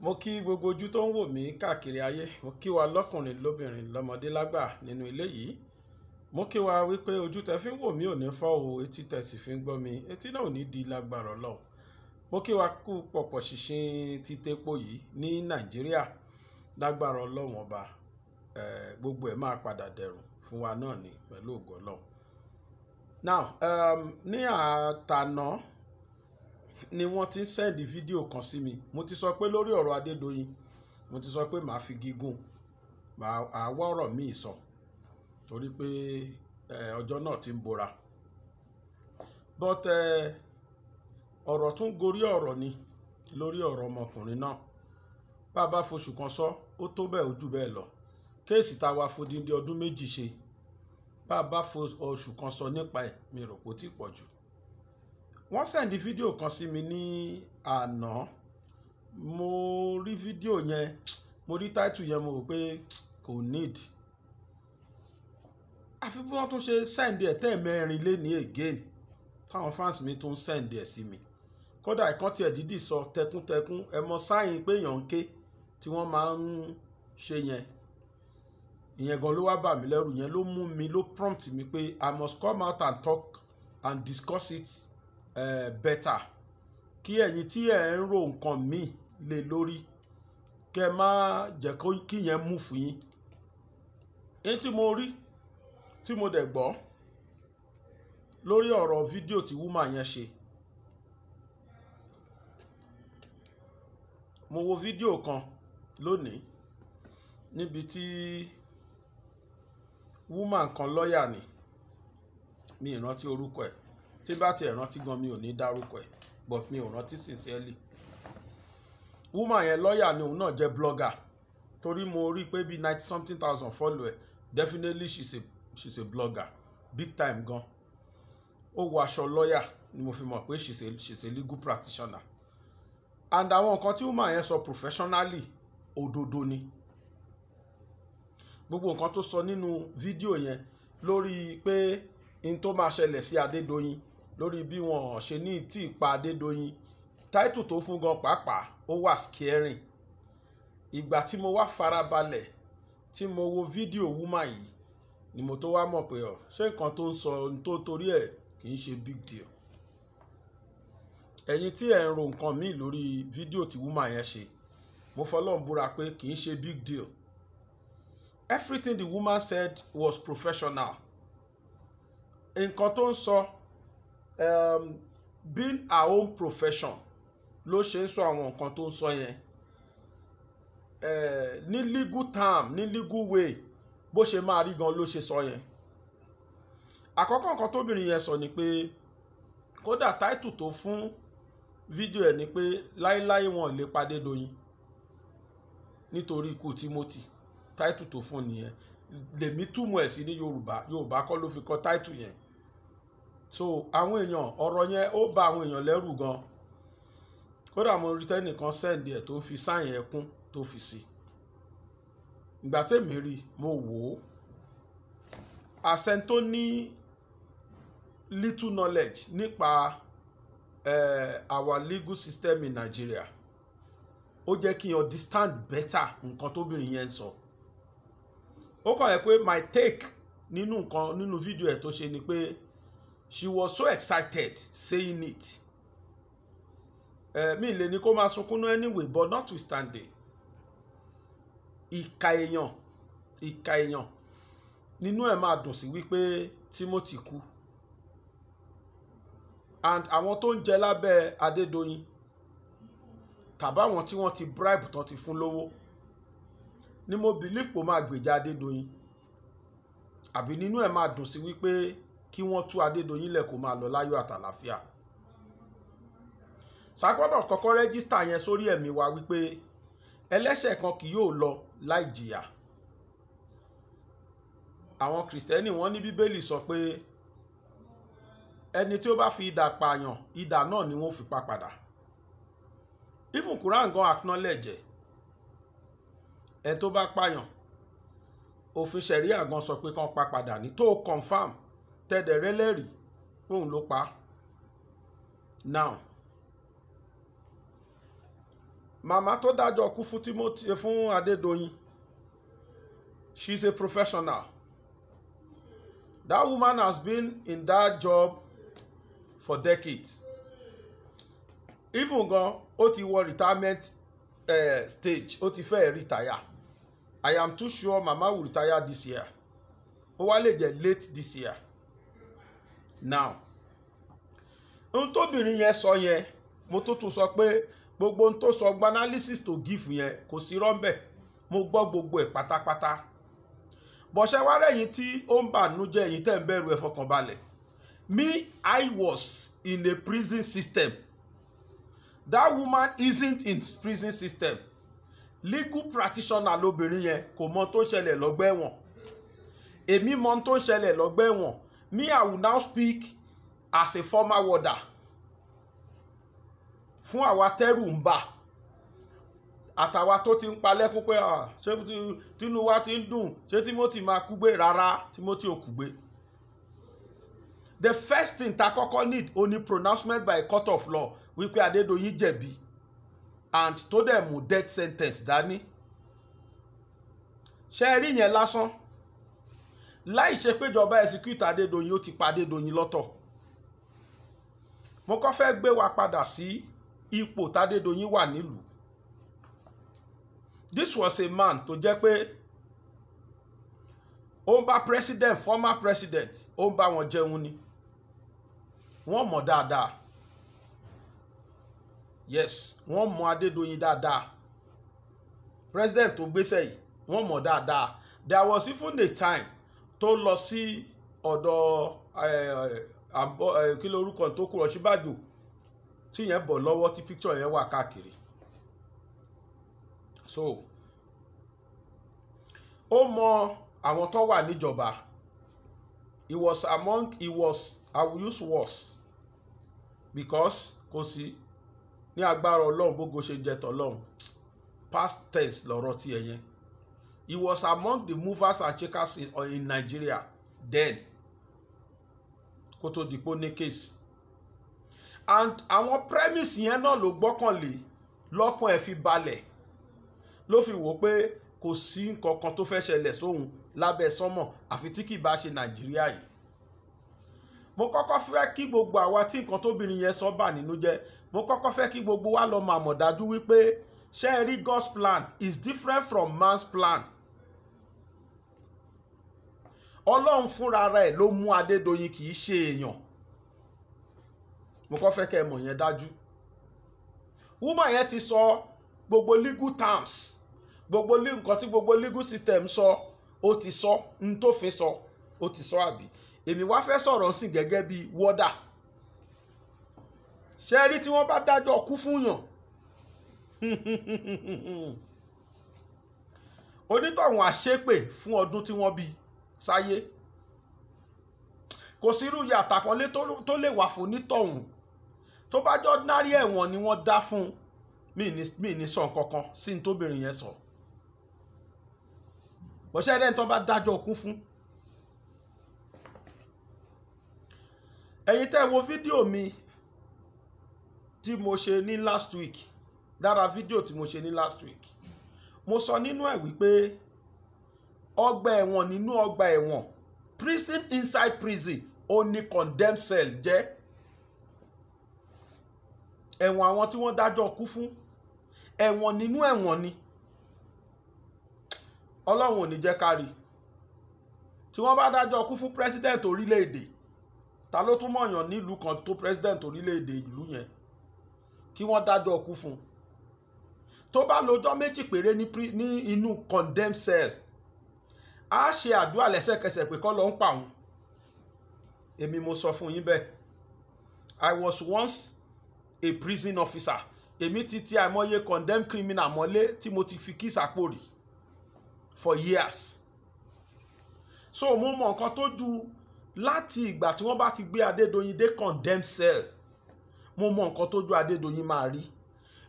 mo kí gbogbo ojú tó ń wò mí káàkiri ayé mo kí wa lọ́kùnrin lóbìnrin lọ́mọdé lágbà nínú ilé yìí mo kí wa wípé ojú tẹ fi ń wò mí ò ní fọ́ o etí tẹ sì fi ń gbọ́ mi etí náà ò ní di lágbára Ọlọ́run mo kí wa kú pọ̀pọ̀ ṣìnṣìn títẹ́pọ̀ yìí ní Nàìjíríà lágbára Ọlọ́run ọba gbogbo ẹ̀ máa padà dẹ̀rùn fún wa náà ní pẹ̀lú ògo Ọlọ́run now um, ní àtàná ni wọ́n ti ń sẹ́ndì fídíò kan sí mi mo ti sọ pé lórí ọ̀rọ̀ Adédoyin mo ti sọ pé màá fi gígùn màá wá ọ̀rọ̀ míì sọ torí pé ọjọ́ náà ti ń bora but ọ̀rọ̀ tún gorí ọ̀rọ̀ ni lórí ọ̀rọ̀ ọmọkùnrin náà bá a bá foṣù kan sọ ó tó bẹ́ẹ̀ ojú bẹ́ẹ̀ lọ kéèsì tá a wá fodindi ọdún méjì ṣe bá a bá foṣù kan sọ nípa ẹ̀ mi rò pé ó pọ̀ jù wọ́n sẹ̀ndí fídíò kan sí mi ní àná mo rí fídíò yẹn mo rí táìtù yẹn mo rò pé kò need àfi bí wọ́n tún ṣe sẹ̀ndí ẹ̀ tẹ́ẹ̀mẹ́rin lé ní again táwọn fans mi tún sẹ̀ndí ẹ̀ sí mi kódà ìkan tiẹ̀ dídì sọ tẹkuntẹkun ẹ mọ sáyìn pé èèyàn ń ké tí wọ́n máa ń ṣe yẹn ìyẹn gan ló wá bà mí lẹ́rù yẹn ló mú mi ló prompt mi pé I must come out and talk and discuss it Better. kí ẹ̀yin tí ẹ̀ ń ro nǹkan míì lé lórí kẹ́ má jẹ́ kí yẹn mú fún yín èyí tí mo rí tí mo dẹ̀ gbọ́ lórí ọ̀rọ̀ fídíò tí wúmà yẹn ṣe mo wo fídíò kan lónìí níbi tí wúmà kan lọ́ọ̀yà ni mi ìrántí orúkọ ẹ̀ tí bá tiẹ̀ rántí gan mi ò ní dárúkọ ẹ̀ but mi ò rántí sincerely woman yẹn lọ́ọ̀yà ni òun náà jẹ́ blogger torí mo rí i pé bíi ninety something thousand follow ẹ̀ definitely she's a she's a blogger big time gan ó wọ aṣọ lọ́ọ̀yà ni mo fi mọ̀ pé she's a she's a legal practitioner and àwọn nǹkan tí woman yẹn sọ professionally òdodo ni gbogbo nǹkan tó sọ nínú fídíò yẹn lórí pé n tó máa ṣẹlẹ̀ sí Adédoyin lórí bí wọn ṣe ní tí ìpa Adédoyin táìtù tó fún gan pàápàá ó wà skẹrin ìgbà tí mo wá farabalẹ̀ tí mo wo fídíò wúmà yìí ni mo tó wá mọ̀ pé ọ ṣé nǹkan tó ń sọ ohun tó torí ẹ̀ kì í ṣe big deal ẹ̀yin tí ẹ̀ ń ro nǹkan míì lórí fídíò tí wúmà yẹn ṣe mo fọlọ́n búra pé kì í ṣe big deal everything the woman said was professional nǹkan tó ń sọ um, being our own profession ló ṣe ń sọ àwọn nǹkan tó ń sọ yẹn eh, ní legal term ní legal way bó ṣe máa rí gan ló ṣe sọ yẹn àkọ́kọ́ nǹkan tóbìnrin yẹn sọ ni pé kódà táìtù tó fún fídíò ẹ̀ ni pé láíláí wọn lè padé doyin nítorí ikú Timothy táìtù tó fún nìyẹn lèmi túmọ̀ ẹ̀ sí ní Yorùbá Yorùbá kọ́ ló fi kọ táìtù yẹn so àwọn èèyàn ọ̀rọ̀ yẹn ó ba àwọn èèyàn lẹ́rù gan kódà mo rí tẹ́nìkan sẹ́ǹdì ẹ̀ tó fi sáyẹn ẹkún tó fi sí ìgbà tèmi rí mo wò ó àṣẹ tó ní little knowledge nípa uh, our legal system in Nigeria ó jẹ́ kí n understand better nǹkan tóbìnrin yẹn ń sọ ó kàn yẹ pé my take nínú nǹkan nínú fídíò ẹ̀ tó ṣe ni pé. she was so excited saying it eh, mi lè ní kó máa sunkún náà anyway but notwithstanding ìka èèyàn ìka èèyàn nínú ẹ̀ máa dùn sí wípé Timothy kú and àwọn tó ń jẹ lábẹ́ Adédoyin tàbáwọn tí wọ́n ti bribe tán ti fún lówó ni mo believe pé ó máa gbèjà Adédoyin àbí nínú ẹ̀ máa dùn sí wípé kí wọ́n tú Adédoyin lẹ̀ kó máa lọ láyọ̀ àtàlàfíà ṣàgbọ́dọ̀ kọ́kọ́ rẹ́gísítà yẹn sórí ẹ̀mí wa wípé ẹlẹ́ṣẹ̀ kan kì yóò lọ láì jìyà àwọn kìrìsìtẹ́nì wọ́n ní bíbélì sọ pé ẹni tí ó bá fi idà pààyàn idà náà ni wọ́n fi pa padà ifun Quran gan acknowledge ẹ tó bá pààyàn òfin ṣẹ̀ríà gan sọ pé kán pa padà ní tó confam tẹ́dẹ̀rẹ́ lẹ́rìí òun ló pa now màmá tó dájọ́ kú fún Timothy fún Adédoyin she is a professional that woman has been in that job for decades even gan ó ti wọ retirement uh, stage ó ti fẹ́ retire I am too sure mama will retire this year ó wá lè jẹ́ late this year now n tóbìnrin yẹn sọ yẹn mo tó tún sọ pé gbogbo n tó sọ gba analysis to give yẹn kò sí rọ́ńbẹ̀ mo gbọ́ gbogbo ẹ̀ pátápátá bọ̀ṣẹ́ wá rẹ̀yìn tí ó ń bà nú jẹ́ ẹ̀yìn tẹ̀ ń bẹ̀rù ẹ̀ me I was in a prison system that woman isn't in prison system legal practitioner lobìnrin yẹn kò mọ tó ń ṣẹlẹ̀ lọ́gbà ẹ̀wọ̀n èmi mọ tó ń ṣẹlẹ̀ lọ́gbà ẹ̀wọ̀n me i will now speak as a former warder fún àwa tẹ́rù ń bà àtàwa tó ti ń palẹ́kún pé ṣé tinubu wa ti ń dùn ṣé timothy máa kúgbé rárá timothy ò kúgbé the first thing ta kọ́kọ́ need o ní pronouncement by court of law wípé adédọ̀yìn jẹ̀bi and tó dẹ̀ mú death sentence dání ṣe rí yẹn lásán láì ṣe péjọba ẹ̀sìkútà Adédoyin ó ti pa Adédoyin lọ́tọ̀ mo kọ́ fẹ́ gbé wa padà sí ipò tádédoyin wà nílùú this was a man tó jẹ́ pé ó ń bá president former president ó ń bá wọn jẹun ni wọ́n mọ̀ dáadáa yes wọ́n mọ̀ Adédoyin dáadáa president tó gbéṣẹ́ yìí wọ́n mọ̀ dáadáa there was even a time tó lọ sí ọ̀dọ̀ kí ló orúkọ tó kúrò ṣíbàjò tí yẹn bọ̀ lọ́wọ́ tí picture yẹn wà káàkiri so ó mọ àwọn tó wà níjọba he was among he was i will use was because kò sí ní agbára ọlọ́run gbogbo ṣe jẹ tọ́lọ́run past tense lọ́rọ̀ tiẹ̀ yẹn He was among the movers and shakers in, uh, in Nigeria then Koto tó ní case and àwọn premise yẹn náà ló gbọ́kànlé lọ́kàn ẹ̀ fi balẹ̀ ló fi wò pé kò sí nǹkan kan tó fẹ́ ṣẹlẹ̀ sóhun lábẹ́ sánmọ̀ àfi tí kì bá ṣe Nàìjíríà yìí mo kọ́kọ́ fẹ́ kí gbogbo àwa tí nǹkan tóbìnrin yẹn sọ bà nínú jẹ́ mo kọ́kọ́ fẹ́ kí gbogbo wa lọ mọ̀ àmọ̀dájú wípé ṣé ẹ rí God's plan is different from man's plan ọlọ́run fúnra ara ẹ̀ ló mú adédọ̀yìn kì í ṣe èèyàn mo kọ́ fẹ́ kẹ́ ẹ mọ̀ yẹn dájú woman yẹn ti sọ gbogbo legal terms gbogbo nǹkan tí gbogbo legal system sọ ó ti sọ n tó fi sọ ó ti sọ àbí èmi wá fẹ́ sọ̀rọ̀ sí gẹ́gẹ́ bí wọ́dà ṣe rí tí wọ́n bá dájọ́ kú fún yàn onítọ̀hún àṣépè fún ọdún tí wọ́n bí sáyé kò sírú ìyà àtàpọ́nlé tó lè wà fún onítọ̀hún tó bá jọ ordinary ẹ̀wọ̀n ni wọ́n dá fún mí ní sàn kankan sí ní tóbìnrin yẹn sọ bọ́sẹ̀ ẹ̀rẹ́ tó bá dájọ́ òkú fún. ẹ̀yin tẹ́ wo fídíò mi tí mo ṣe ní last week dára fídíò tí mo ṣe ní last week mo sọ nínú ẹ̀ wípé ọgbà ẹ̀wọ̀n nínú ọgbà ẹ̀wọ̀n prison inside prison ó ní condemned cell jẹ́ ẹ̀wọ̀n àwọn tí wọ́n dájọ́ kú fún ẹ̀wọ̀n nínú ẹ̀wọ̀n ni ọlọ́run ò ní jẹ́ ká rí tí wọ́n bá dájọ́ kú fún president orílẹ̀-èdè ta ló tún mọ̀yàn nílùú kan tó president orílẹ̀-èdè ìlú yẹn kí wọ́n dájọ́ kú fún tó bá lọ́jọ́ méjì péré ní inú condemn cell á ṣe àdúrà lẹ́sẹ̀kẹsẹ̀ pé kọ́ ló ń pa òun èmi mo sọ fún yín bẹ́ẹ̀ I was once a prison officer èmi ti ti àìmọye condemned criminal mọ́lé tí mo ti fi kí sàpò rí for years so mo mọ nǹkan tó ju láti ìgbà tí wọ́n bá ti gbé Adédoyin dé condemn cell mo mọ nǹkan tó ju Adédoyin máa rí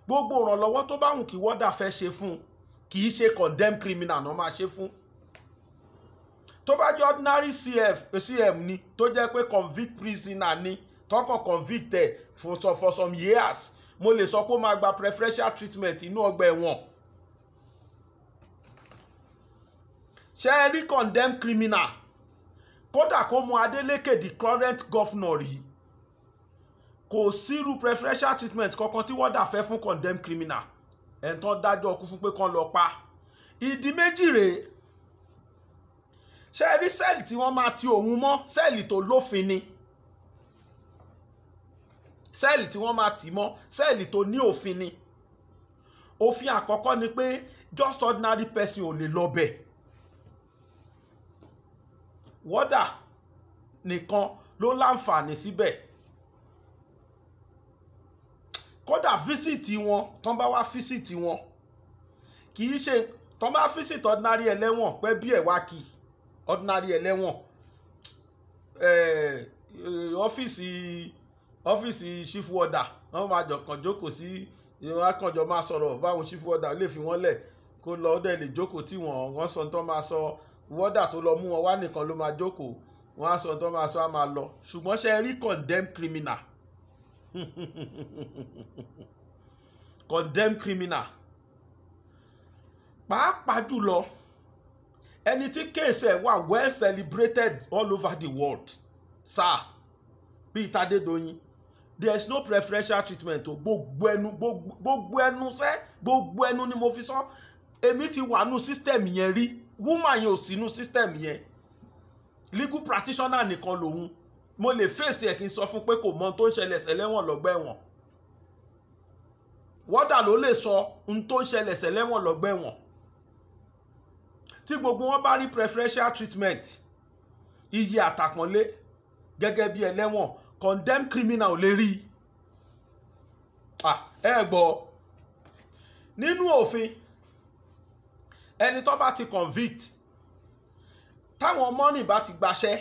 gbogbo ìrànlọ́wọ́ tó bá wù kí wọ́dà fẹ́ ṣe fún kì í ṣe condemn criminal náà máa ṣe fún tó bá jẹ́ ordinary cf cm ni tó jẹ́ pé convict prisoner ni tọkàn convicted for, for some years mo lè sọ pé ó máa gba preferential treatment inú ọgbà ẹ̀wọ̀n ṣe é rí condemned criminal kódà kó mú Adeleke the current governor rí kò sírú preferential treatment kankan tí wọ́n dà fẹ́ fún condemned criminal ẹ̀ńtàn dájọ́ ọkú fún pé kán lọ pa ìdí méjì rèé ṣé ẹ rí sẹ́ẹ̀lì tí wọ́n máa ti òun mọ́ sẹ́ẹ̀lì tó lófin ni sẹ́ẹ̀lì tí wọ́n máa tì mọ́ sẹ́ẹ̀lì tó ní òfin ni òfin àkọ́kọ́ ni pé just ordinary person ò lè lọ bẹ̀ wọ́dà nìkan ló láǹfààní síbẹ̀ kódà físìtì wọn tán bá wá físìtì wọn kì í ṣe tán bá físìtì ordinary ẹlẹ́wọ̀n pẹ́ bí ẹ̀ wá kì í ordinary ẹlẹ́wọ̀n eh, eh, ọ́fíìsì ọ́fíìsì chief warder wọ́n máa jọ kàn jókòó sí ìwọ̀n akànjọ máa sọ̀rọ̀ báwọn chief warder lè fi wọ́n lẹ̀ kó lọ dẹ̀ lè jókòó tí wọ́n wọ́n sọ tán máa sọ warder tó lọ mú wọn wá nìkan ló máa jókòó wọ́n á sọ tán máa sọ á máa lọ ṣùgbọ́n ṣe rí condemned criminal condemn criminal pàápàá jùlọ. Pa, pa, ẹni tí kéèsì ẹ̀ wà well celebrated all over the world sáà bíi tadédoyin there is no preferential treatment o gbogbo ẹnu gbogbo ẹnu sẹ gbogbo ẹnu ni mo fi sọ èmi ti wà nù system yẹn rí woman yẹn ò sí nù system yẹn legal practitioner nìkan lòun mo lè fèsì ẹ̀ kí n sọ fún pé kò mọ tó ń ṣẹlẹ̀ sẹ́lẹ̀wọ̀n lọ́gbẹ̀wọ̀n wọ́dà ló lè sọ ohun tó ń ṣẹlẹ̀ sẹ́lẹ̀wọ̀n lọ́gbẹ̀wọ̀n tí gbogbo wọn bá rí preferential treatment iyì àtàpọ́nlé gẹ́gẹ́ bí ẹlẹ́wọ̀n condemn criminal ò lè rí ah, ẹ gbọ́ nínú òfin ẹni tó bá ti convict táwọn mọ́nì bá ti gbaṣẹ́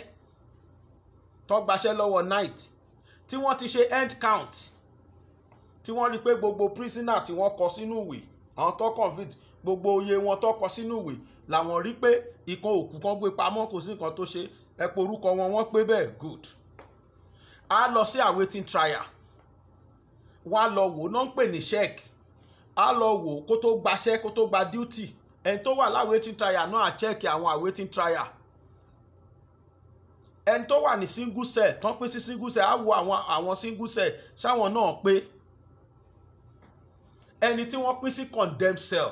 tó gbaṣẹ́ lọ́wọ́ night tí wọ́n ti ṣe end count tí wọ́n rí i pé gbogbo prisoner tí wọ́n kọ sínú ìwé àwọn tó convict gbogbo oyè wọn tó kọ sínú ìwé làwọn rí pé ìkan òkú kan gbé pamọ́ kò sí nǹkan tó ṣe ẹ orúkọ wọn wọ́n pé bẹ́ẹ̀ good a lọ sí awaiting trial wá lọ wò náà ń pè ní check a lọ wò kó tó gbaṣẹ́ kó tó gba duty ẹni tó wà láwaiting trial náà a check àwọn awaiting trial ẹni tó wà ní single cell tán pín sí single cell á wo àwọn àwọn single cell ṣáwọn náà pé ẹni tí wọ́n pín sí condemn cell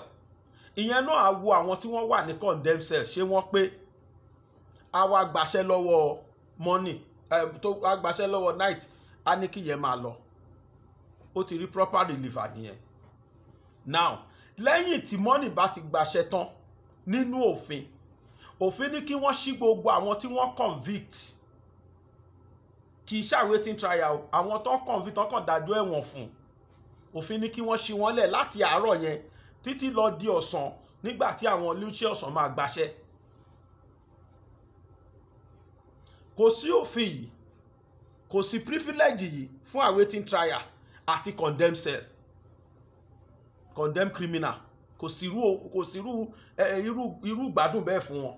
ìyẹn náà á wo àwọn tí wọ́n wà ní condemn cell ṣé wọ́n pé àwa gbàṣẹ lọ́wọ́ morning eh, tó agbàṣẹ lọ́wọ́ night á ní kí yẹn máa lọ ó ti rí proper reliever nìyẹn now lẹ́yìn tí money bá ti gbàṣẹ tán nínú òfin òfin ní kí wọ́n ṣí gbogbo àwọn tí wọ́n convict kì í ṣàwé tí ń trial àwọn tó convict tó kàn dájọ́ ẹ̀wọ̀n fún òfin ní kí wọ́n ṣí wọ́n lẹ̀ láti àárọ̀ yẹn títí lọ di ọ̀sán nígbà tí àwọn Lucius máa gbaṣẹ́ kò sí òfin yìí kò sí privilege yìí fún awaiting trial àti condemned cell condemned criminal kò sí irú kò sí irú irú irú gbádùn bẹ́ẹ̀ fún wọn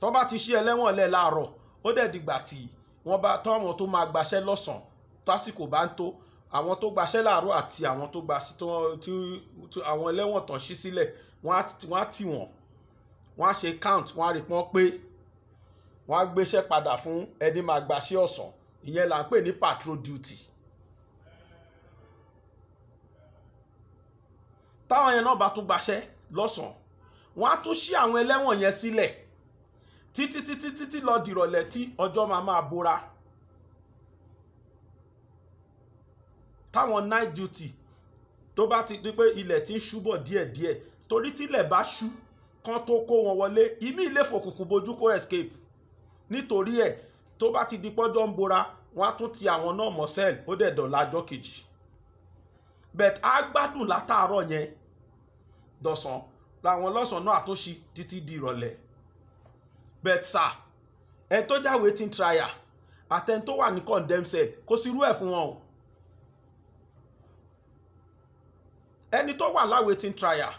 tó bá ti ṣe ẹlẹ́wọ̀n lẹ̀ láàárọ̀ ó dẹ̀ dìgbà tí wọ́n bá tọ́ àwọn tó máa gbaṣẹ́ lọ́sàn-án tásìkò bá ń tó àwọn tó gbaṣẹ́ láàárọ̀ àti àwọn tó gbaṣẹ́ tí àwọn ẹlẹ́wọ̀n tán ṣí sílẹ̀ wọ́n á tì wọ́n wọ́n á ṣe count wọ́n á rí pọ́n pé wọ́n á gbéṣẹ́ padà fún ẹni máa gbaṣẹ́ ọ̀sán ìyẹn là ń pè ní patrol duty. táwọn yẹn náà bá tún gbaṣẹ́ lọ́sàn-án wọ́n á tún ṣí àwọn ẹlẹ́wọ̀n yẹn sílẹ̀ títí títí títí lọ dìrọ̀lẹ́ tí ọjọ́ máa máa bora táwọn night duty tó bá ti di pé ilẹ̀ ti ń ṣúbọ̀ díẹ̀díẹ̀ torí tílẹ̀ bá ṣú kan tó kó wọn wọlé ìmí ilé fòkùnkùn bojú kó escape nítorí ẹ̀ tó bá ti di pọ́jọ́ ń bora wọ́n á tún ti àwọn náà mọ́ sẹ́ẹ̀l ó dẹ̀ dọ̀la ọjọ́ kejì bẹ̀t á gbádùn látàárọ̀ yẹn dọ̀sán làwọn lọ́sàn náà àtúnṣe títí di ìrọ̀lẹ́ bẹ̀t sà ẹ tó jáwé ti ń traya tó wà ní condemn cell kò sí irú ẹ̀ fún wọn o ẹni tó wà láwẹ̀ tí ń trial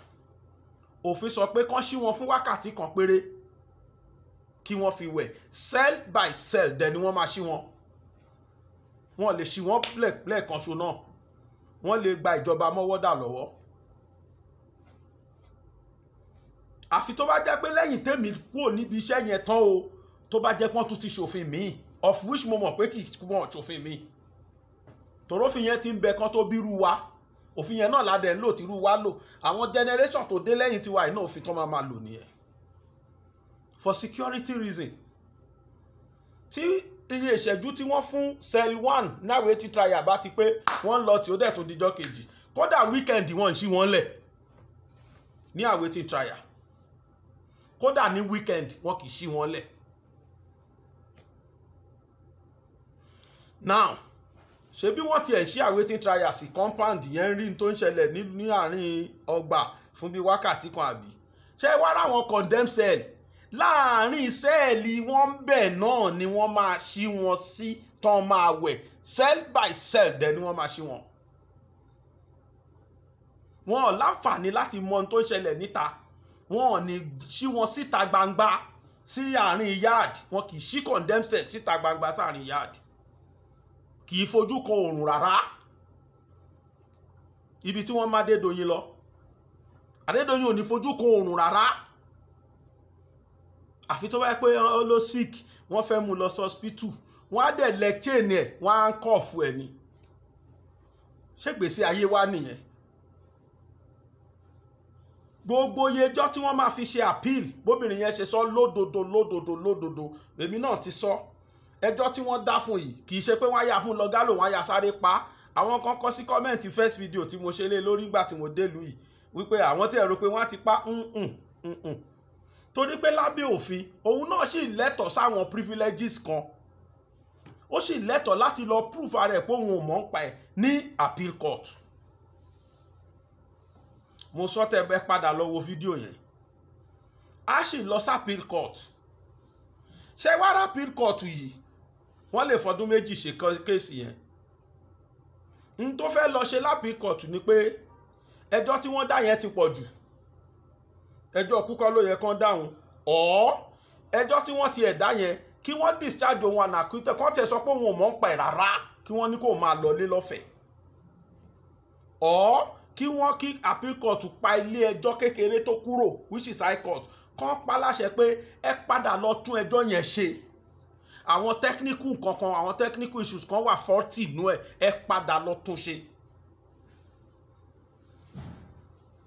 òfin sọ pé kán ṣí wọn fún wákàtí kan péré kí wọ́n fi wẹ̀ cell by cell dẹ̀ ni wọ́n máa ṣí wọn wọ́n lè ṣí wọn lẹ́ẹ̀kan ṣo náà wọ́n lè gba ìjọba mọ́wọ́dà lọ́wọ́ àfi tó bá jẹ́ pé lẹ́yìn tèmi kúrò níbi iṣẹ́ yẹn tán o tó bá jẹ́ pé wọ́n tún ti ṣòfin míì of which mo mọ̀ pé kì í wọ́n ṣòfin míì tòrófin yẹn ti ń bẹ kán tó bírú wa òfin yẹn náà ládẹ ńlò tìrú wa lò àwọn generation tó dé lẹ́yìn tiwa yìí náà òfin tán máa máa lò nìyẹn for security reason tí iye ìṣẹ́jú tí wọ́n fún cell one náwó ti trial bá ti pé wọ́n lọ tí ó dẹ̀ tó dijọ́ kejì kódà weekend wọ́n ń ṣí wọ́n lẹ̀ ní awaiting trial kódà ní weekend wọ́n kì í ṣí wọ́n lẹ̀ now ṣé bí wọ́n tiẹ̀ ṣí àwétín trial sí compound yẹn ń rí tó ń ṣẹlẹ̀ ní àárín ọgbà fún bíi wákàtí kan àbí ṣé wá ráwọn condemn cell láàárín sẹ́ẹ̀lì wọ́n bẹ̀ náà ni wọ́n máa ṣí wọn sí tán máa wẹ̀ cell by cell dẹ̀ ni wọ́n máa ṣí wọn. wọn ò láǹfààní láti mọ ohun tó ń ṣẹlẹ̀ níta wọn ò ní ṣí wọn síta gbangba sí àárín yard wọn kì í ṣí condemn cell síta gbangba sáàárín yard kì í fojú kan oòrùn rárá ibi tí wọ́n má Adédoyin lọ Adédoyin ò ní fojú kan oòrùn rárá àfi tó báyẹ pé ó ló sick wọ́n fẹ́ mú lọ sí ọsibítù wọ́n á dẹ̀ lẹ chain ẹ̀ wọ́n á ń kọ̀ọ̀fù ẹ̀ ni ṣègbèsè ayé wa nìyẹn gbogbo yejọ́ tí wọ́n máa fi ṣe appeal bóbìnrin yẹn ṣe sọ lódodo lódodo lódodo èmi náà ti sọ. So ẹjọ́ tí wọ́n dá fún yìí kì í ṣe pé wọ́n á yà fún lọ gálò wọ́n á yà sáré pa àwọn kan kọ sí kọ́mẹ̀ntì first video tí mo ṣe lé lórí ìgbà tí mo délùú yìí wípé àwọn tí ẹ rò pé wọ́n á ti pa nǹkan nǹkan torí pé lábẹ́ òfin òun náà sì lẹ́tọ̀ọ́ sáwọn privileges kan ó sì lẹ́tọ̀ọ́ láti lọ proof ara ẹ̀ pé òun ò mọ̀ ń pa ẹ̀ ní appeal court mo sọ tẹ bẹ padà lọ wo fídíò yẹn a sì lọ sí appeal court ṣé wàá ra appeal court yìí wọ́n lè fọdún méjì ṣe kéèsì yẹn n tó fẹ́ lọ ṣe lápín kóòtù ni pé ẹjọ́ tí wọ́n dá yẹn ti pọ̀ jù ẹjọ́ kúkọ́ ló yẹ kán dáhùn ọ̀ ẹjọ́ tí wọ́n ti ẹ̀dá yẹn kí wọ́n discharge òun ànàkútẹ̀ kọ́ tẹ̀ sọ pé òun ò mọ̀ ń pẹ̀ rárá kí wọ́n ní kó máa lọlé lọ́fẹ̀ẹ́ ọ̀ kí wọ́n kí appeal court pa ilé ẹjọ́ kékeré tó kúrò which is high court kán pa láṣẹ pé ẹ padà lọ tún ẹjọ́ yẹn ṣe àwọn technical kankan àwọn technical issues kan wà faulty nú ẹ̀ ẹ padà lọ tún ṣe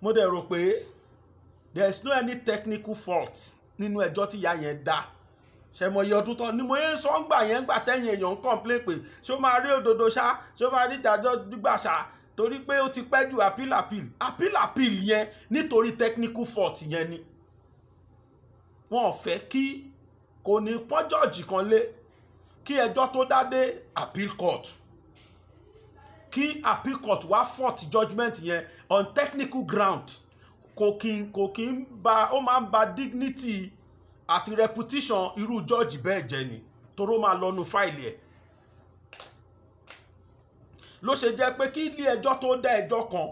mo dẹ̀ rò pé there is no any technical fault nínú ẹjọ́ tí ìyá yẹn dá ṣẹmọ iye ọdún tán ni mo yé sọ́ngbà yẹn gbà tẹ́yìn èèyàn ń complain pé ṣó máa rí òdodo ṣá ṣó máa rí ìdájọ́ gbígbà ṣá torí pé ó ti pẹ́ ju appeal appeal appeal appeal yẹn nítorí technical fault yẹn ni wọ́n fẹ́ kí kò ní pọ́n jọ́ọ̀jì kan lé kí ẹjọ́ tó dá dé appeal court kí appeal court wá fort judgement yẹn on technical ground kò kí kò kí ń ba ó máa ń ba dignity àti reputation irú jọ́ọ̀jì bẹ́ẹ̀ jẹ́ ni toró máa lọ́nu fáìlì ẹ̀ ló ṣe jẹ́ pé kí ilé ẹjọ́ tó dá ẹjọ́ kan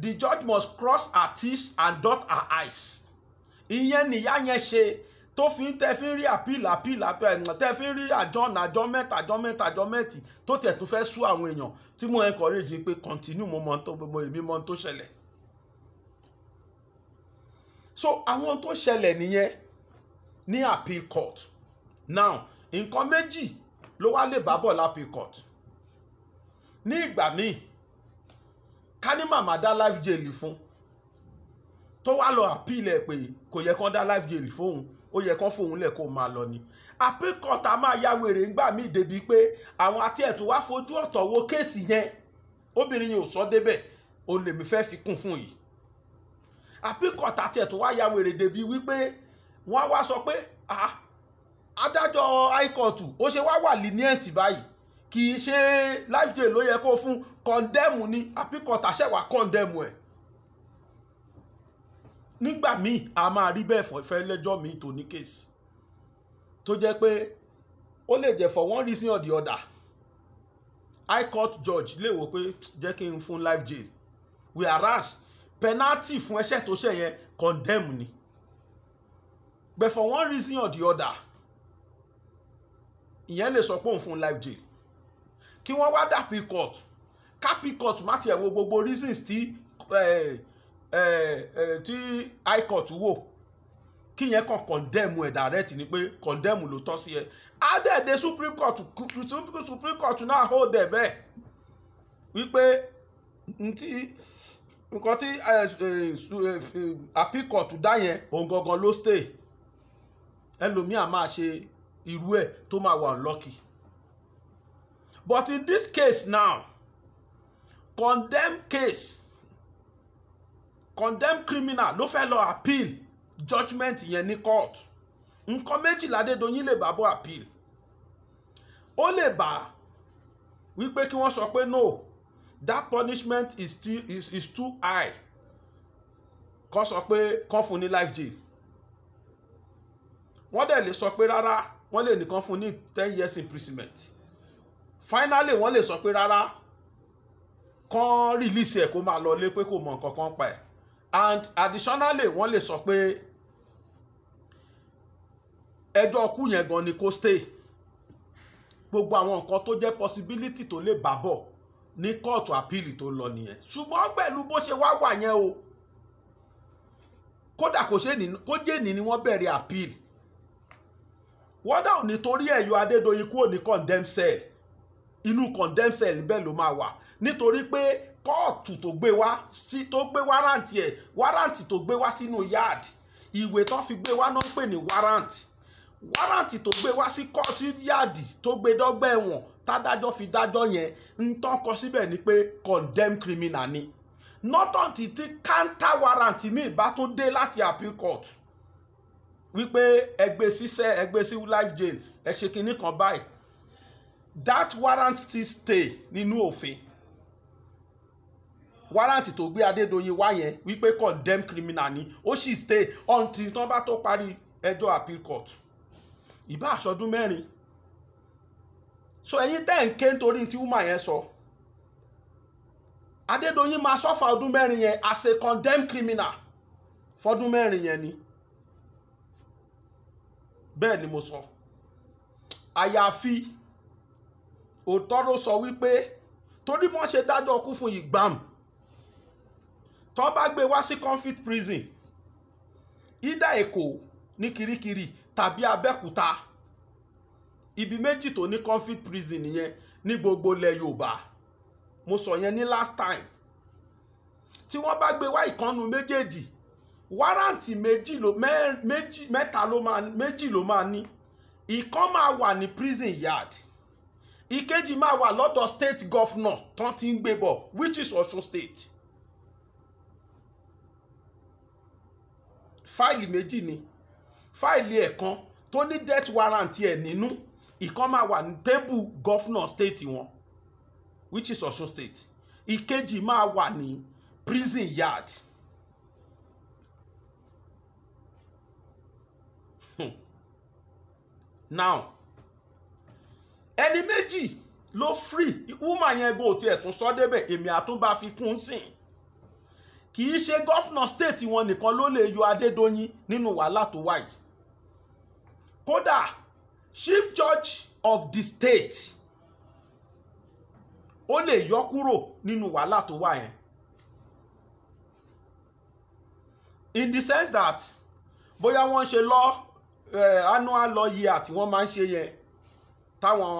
the judge must cross her teeth and dot her eyes ìyẹn nìyá yẹn ṣe tó fi ń tẹ́ fi ń rí àpìlà àpìlà tẹ́ fi ń rí àjọ nàjọ mẹ́ta àjọ mẹ́ta àjọ mẹ́tì tó tiẹ̀ tún fẹ́ sú àwọn èèyàn tí mo encourage pé continue mo mọ tó gbogbo èmi mọ tó ṣẹlẹ̀ so àwọn tó ṣẹlẹ̀ nìyẹn ní appeal court now nǹkan méjì ló wá lè bá bọ̀ láppeal court ní ìgbà míì ká ní màmá dá life jail fún tó wá lọ appeal ẹ̀ pé kò yẹ kán dá life jail fóun ó yẹ kán fóun lẹ̀ kó máa lọ ni àpékọ́ ta máa ya wèrè ńgbà míì débi pé àwọn àti ẹ̀tún wá fojú ọ̀tọ̀ wo kéèsì yẹn obìnrin yẹn ò sọ débẹ̀ ó lèmi fẹ́ fi kún fún yìí àpékọ́ a ti ẹ̀tún wá ya wèrè débi wípé wọ́n á wá sọ pé adájọ́ àìkọ́ọ̀tù ó ṣe wá wà lìníẹ̀ǹtì báyìí kì í ṣe life jail ló yẹ kó fún kọ́ndẹ́mù ni àpékọ́ ta ṣẹ̀wá kọ́ndẹ́mù ẹ̀ nígbà míì a máa rí bẹ́ẹ̀ fẹ́ lẹ́jọ́ míì tó ní kéèsì tó jẹ́ pé ó lè jẹ́ for one reason or the other high court judge lè wò pé jẹ́ kí n fún life jail whereas penalty fún ẹ̀ṣẹ̀ tó ṣẹ̀ yẹn condemn ni but for one reason or the other ìyẹn lè sọ pé òun fún life jail kí wọ́n wá dàpí court kápí court má tiẹ̀ wo gbogbo reasons tí. Eh, tí high court wò kí yẹn kàn condemn ẹ̀ direct ni pé condemn ló tọ́ sí ẹ adẹ́ẹ̀dẹ́ supreme court supreme court náà hold ẹ̀ bẹ́ẹ̀ wípé ntí nǹkan tí appeal court dá yẹn òun ló stay ẹlòmíà máa ṣe irú ẹ tó máa wà unlucky but in this case now condemn case condemn criminal ló fẹ́ lọ appeal judgement yẹn ní court nǹkan méjìlá Adédoyin lè bá bọ́ appeal ó lè bá wípé kí wọ́n sọ pé no that punishment is, too is, is too high kọ́ sọ pé kán fún ní life jail wọ́n dẹ̀ lè sọ pé rárá wọ́n lè nìkan fún ní ten years imprisonment finally wọ́n lè sọ pé rárá kán release ẹ̀ kó máa lọ lé pé kò mọ nǹkan kan pa ẹ̀ and additionally wọ́n lè sọ pé ẹjọ́ ọkú yẹn gan ni kó stay gbogbo àwọn nǹkan tó jẹ́ possibility tó lè bà bọ̀ ní kóòtù àpíìlì tó ń lọ nìyẹn ṣùgbọ́n pẹ̀lú bó ṣe wá wà yẹn o kódà kó jẹ́ ní ni wọ́n bẹ̀rẹ̀ àpíìlì wọ́dà ò ní torí ẹ̀yọ Adédoyin kúrò ní condemn cell inú condemn cell níbẹ̀ ló máa wà nítorí pé kóòtù tó gbé wá sí tó gbé wárántì ẹ̀ wárántì tó gbé wá sínú yard ìwé tó fi gbé wá náà ń pè ní wárántì wárántì tó gbé wá sí kóòtù yáàdì tó gbé dọ́gba ẹ̀wọ̀n tádájọ́ fi dájọ́ yẹn ń tán kọ síbẹ̀ ni pé condemn criminal ni norton ti ti counter warrant mi ìbá tó dé láti appeal court wípé ẹgbẹ́ sísẹ́ ẹgbẹ́ sí life jail ẹ ṣe kinní kan báyìí that warrant still stay nínú òfin wárántì tó gbé Adédoyin wá yẹn wípé condemn criminal ni ó sì stay until tán bá tó parí ẹjọ́ appeal court ìbá àṣọdún mẹ́rin so ẹ̀yin tẹ́ ń ké nítorí tí woman yẹn sọ Adédoyin máa sọ́fà ọdún mẹ́rin yẹn as a condemned criminal fọdún mẹ́rin yẹn ni bẹ́ẹ̀ ni mo sọ àyàfi òótọ́ ló sọ wípé torí wọ́n ṣe dájọ́ kú fún ìgbàm tó bá gbé wá sí confit prison ida èkó ní kirikiri tàbí abẹ́kúta ibi méjì tó ní confit prison nìyẹn ní gbogbo ilẹ̀ yorùbá mo sọ yẹn ní last time tí wọ́n bá gbé wá ìkànnù méjèèjì wárántì méjì ló méjì mẹ́ta ló máa méjì ló máa ní ìkan máa wà ní prison yard ìkejì máa wà lọ́dọ̀ state governor tán ti ń gbé bọ̀ which is Ọ̀ṣun state fáìlì méjì ni fáìlì ẹ̀kan tó ní death warrant ẹ̀ nínú ìkan máa wà ní tébù gọ́fúnà state wọn which is Ọ̀ṣun state ìkejì máa wà ní prison yard. Hmm. now ẹni méjì ló free woman yẹn bó tiẹ̀ tún sọ débẹ̀ èmi àtúnbá fi kún sìn kì í ṣe gọ́fúnà stéètì wọn nìkan ló lè yọ Adédọ́yìn nínú wàhálà tó wà yìí kódà chief judge of the state ó lè yọ kúrò nínú wàhálà tó wà in the sense that bóyá wọ́n ṣe lọ eh, annual law year tí wọ́n máa ń ṣe yẹn táwọn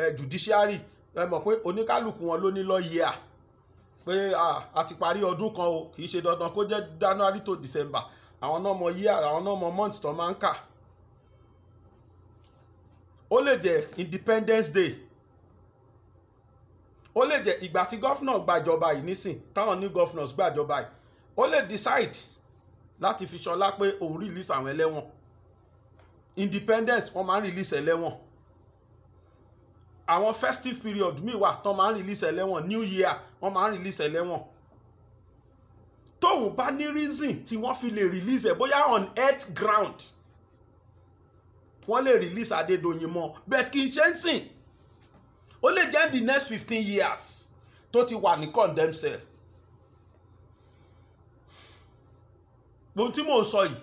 eh, judiciary ẹ mọ̀ pé oníkálukú wọn ló ní law year pé a ti parí ọdún kan o kì í ṣe dandan kó jẹ́ january to december àwọn náà mọ year àwọn náà mọ month tó máa ń kà ó lè jẹ́ independence day ó lè jẹ́ ìgbà tí gọ́fúnà gbàjọba yìí nísìn táwọn ní gọ́fúnà gbàjọba yìí ó lè decide láti fi ṣọlá pé òun release àwọn ẹlẹ́wọ̀n independence wọ́n máa ń release ẹlẹ́wọ̀n. E àwọn festive period míì wà tán máa ń release ẹlẹ́wọ̀n new year wọ́n máa ń release ẹlẹ́wọ̀n tóun bá ní reason tí wọ́n fi lè release ẹ̀ bóyá on earth ground wọ́n lè release Adédoyin mọ́ but kì í ṣe ń sìn ó lè jẹ́ the next fifteen years tó ti wà ní condemn cell ohun tí mò ń sọ yìí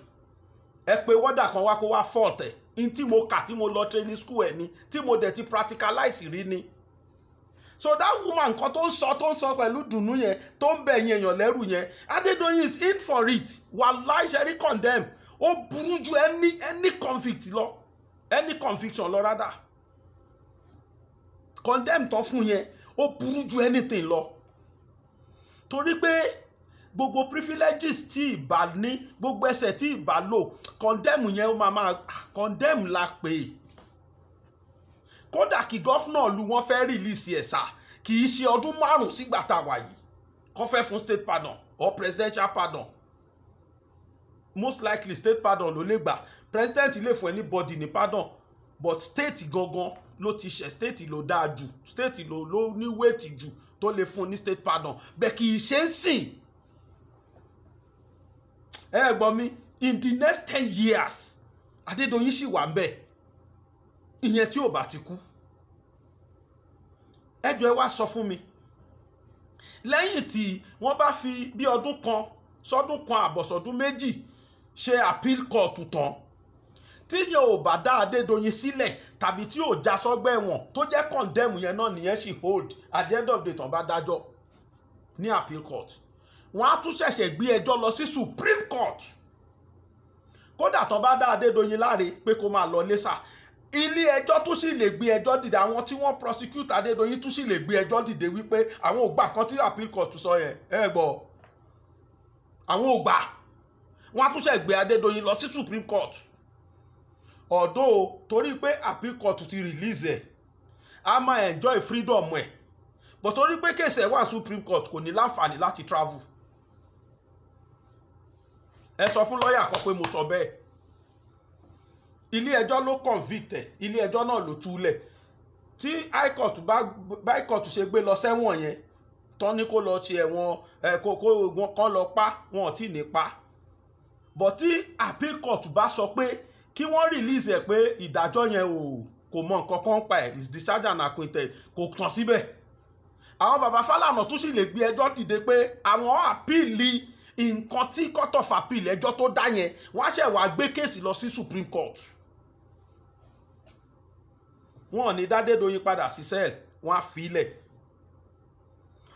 ẹ pé wọ́dà kan wá kó wá fọ́ọ̀tẹ̀ in tí mo kà tí mo lọ training school ẹ̀ ni tí mo dẹ̀ ti practicalize rí ni so that woman kan tó ń sọ tó ń sọ pẹ̀lú dùnú yẹn tó ń bẹ̀ yẹn èèyàn lẹ́rù yẹn Adédoyin is in for it wàhálà ìṣẹ́rí condemn ó burú ju any any convict lọ any conviction lọ rádà condemn tán fún yẹn ó burú ju anything lọ torí pé gbogbo privileges tí ìbá ní gbogbo ẹsẹ̀ tí ìbá lò condemn yẹn ó máa máa ah, condemn la pè é kódà kí gọ́fúnà lu wọn fẹ́ rìlíìsì ẹ̀ sà kì í ṣe ọdún márùn-ún sígbà tá a wà yìí kọ́ fẹ́ fún state pardon or presidential pardon most likely state pardon ló lè gbà president lè fún anybody ní pardon but state gangan ló ti ṣe state ló dáa jù state ló ló ní wéètì jù tó lè fún ní state pardon bẹ́ẹ̀ kì í ṣe ń sìn ẹ gbọ́ mi in the next ten years Adédoyin sì wà ń bẹ̀ ìyẹn tí ò bá ti kú ẹjọ́ ẹ wá sọ fún mi lẹ́yìn tí wọ́n bá fi bí ọdún kan sọdún kan àbọ̀sọdún méjì ṣe appeal court tán tí yẹn ò bá dá Adédoyin sílẹ̀ tàbí tí ò já sọ́gbà ẹ̀wọ̀n tó jẹ́ condemn yẹn náà nìyẹn sì hold at the end of the day tán bá dájọ́ ní appeal court wọ́n á tún ṣẹ̀ṣẹ̀ gbé ẹjọ́ lọ sí Supreme Court kódà tán bá dá Adédoyin láre pé kó máa lọ lẹ́sà ilé ẹjọ́ tún sì lè gbé ẹjọ́ dìde àwọn tí wọ́n prosecute Adédoyin tún sì lè gbé ẹjọ́ dìde wípé àwọn ò gbà kan tí appeal court sọ yẹn ẹ gbọ́ àwọn ò gbà wọ́n á tún ṣe gbé Adédoyin lọ sí Supreme Court ọ̀dọ́ torí pé appeal court ti release ẹ̀ a máa enjoy freedom ẹ̀ but torí pé kéèsì ẹ̀ wà Supreme Court kò ní láǹfààní láti travel ẹ sọ fún lọ́ọ̀yà kan pé mo sọ bẹ́ẹ̀ ilé ẹjọ́ ló convict ẹ̀ ilé ẹjọ́ náà ló túlẹ̀ tí high court bá high court ṣe gbé lọ sẹ́wọ̀n yẹn tán ní kó lọ ti ẹ̀wọ̀n kókó wọn kan lọ pa wọn ò tí ì ní pa bọ̀ tí appeal court bá sọ pé kí wọ́n release ẹ̀ pé ìdájọ́ yẹn ò kò mọ nǹkan kan pa ẹ̀ is discharged and acquitted kò tán síbẹ̀ àwọn baba Fálànà tún sì lè gbé ẹjọ́ dìde pé àwọn àpìlì nǹkan tí court of appeal ẹjọ́ tó dá yẹn wọ́n á ṣẹ̀ wá gbé kéèsì lọ sí supreme court wọn ò ní Adédoyin padà sí cell wọn á fi ilẹ̀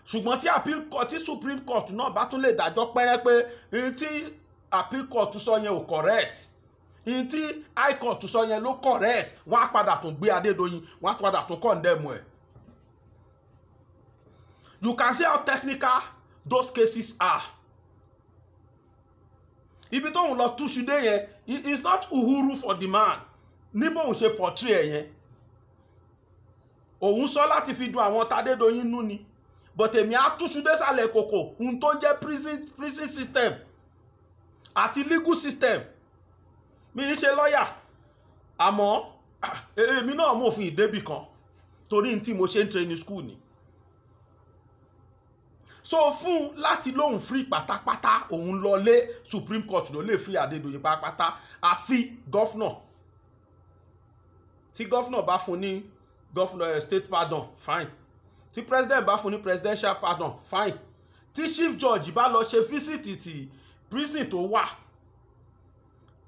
ṣùgbọ́n tí appeal court tí supreme court náà bá tún lè dájọ́ pẹ́rẹ́ pé n tí appeal court sọ yẹn ò correct n tí high court sọ yẹn ló correct wọ́n á padà tún gbé Adédoyin wọ́n á padà tún condemn ẹ̀. You can see how technical those cases are ibi tóun lọ túṣu dé yẹn it's not uhuru for the man níbo òun ṣe portray ẹ̀ yẹn òun sọ láti fi dun àwọn tadédoyin nú ni but èmi á túṣu désàlẹ̀ kòkò ohun tó jẹ́ prison prison system àti legal system mi ń ṣe lọ́yà àmọ́ èmi náà mọ̀ òfin ìdébì kan torí tí mo ṣe ń training school ni so fún láti lóhùn free pátápátá òun lọlé supreme court ló lè free Adédoyin pátápátá àfi gọ́fúnà tí gọ́fúnà bá fún ní gọ́fúnà eh, state pardon fine tí president bá fún ní presidential pardon fine tí chief George bá lọ ṣe fíṣítì tí prison tó wà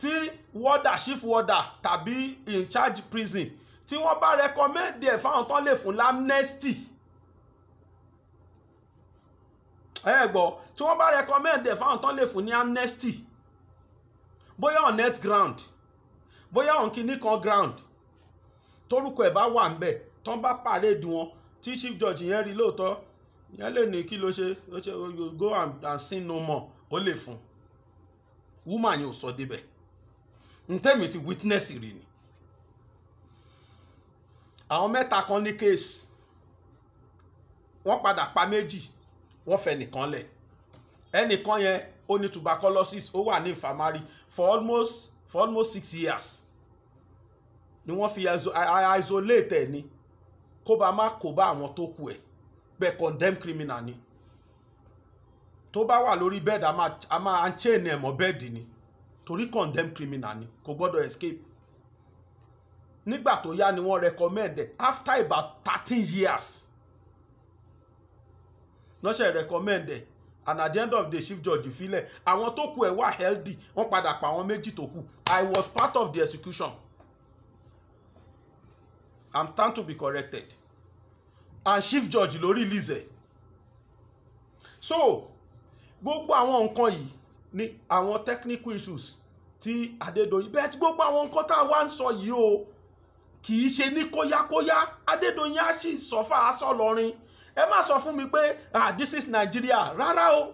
tí wọ́dà chief wọ́dà tàbí in charge prison tí wọ́n bá recommend ẹ̀ fáwọn tán lè fún lamnesty ẹ gbọ́ tí wọ́n bá recommend ẹ̀ fáwọn tán lè fún ní amnesty bóyá on net ground bóyá on kinní kan ground torúkọ ẹ̀ bá wà ń bẹ̀ tán bá pàrédì wọn tí chief judge yẹn rí lóòótọ́ yẹn lè ní kí ló ṣe ló ṣe go and, and sin no more ó lè fún woman yóò sọ débẹ̀ ntẹ́mi ti witness rí ni àwọn mẹ́ta kan ní case wọ́n padà pa méjì wọ́n fẹ́ nìkan lẹ̀ ẹnìkan yẹn ó ní tuberculosis ó wà ní infirmary for almost for almost six years ni wọ́n fi isolate ẹ̀ ni kó bá má kó bá àwọn tó kù ẹ̀ bẹ́ẹ̀ condemn criminal ni tó bá wà lórí bẹ́ẹ̀dì a máa ń chain ẹ̀ mọ́ bẹ́ẹ̀dì ni torí condemn criminal ni kò gbọ́dọ̀ escape nígbà tó yá ni wọ́n recommend after about thirteen years náà ṣe recommend ẹ̀ and at the end of the chief judge filẹ̀ àwọn tó kù ẹ̀ wà healthy wọ́n padà pa àwọn méjì tó kù i was part of the execution i'm stand to be corrected and chief George, ló release ẹ̀ so gbogbo àwọn nǹkan yìí ni àwọn technical issues ti Adédoyin bẹ́ẹ̀ tí gbogbo àwọn nǹkan tá a wá ń sọ yìí o kì í ṣe ní kóyákóyá Adédoyin á sì sọ fà á sọ lọrin ẹ má sọ fún mi pé ah this is Nigeria rárá o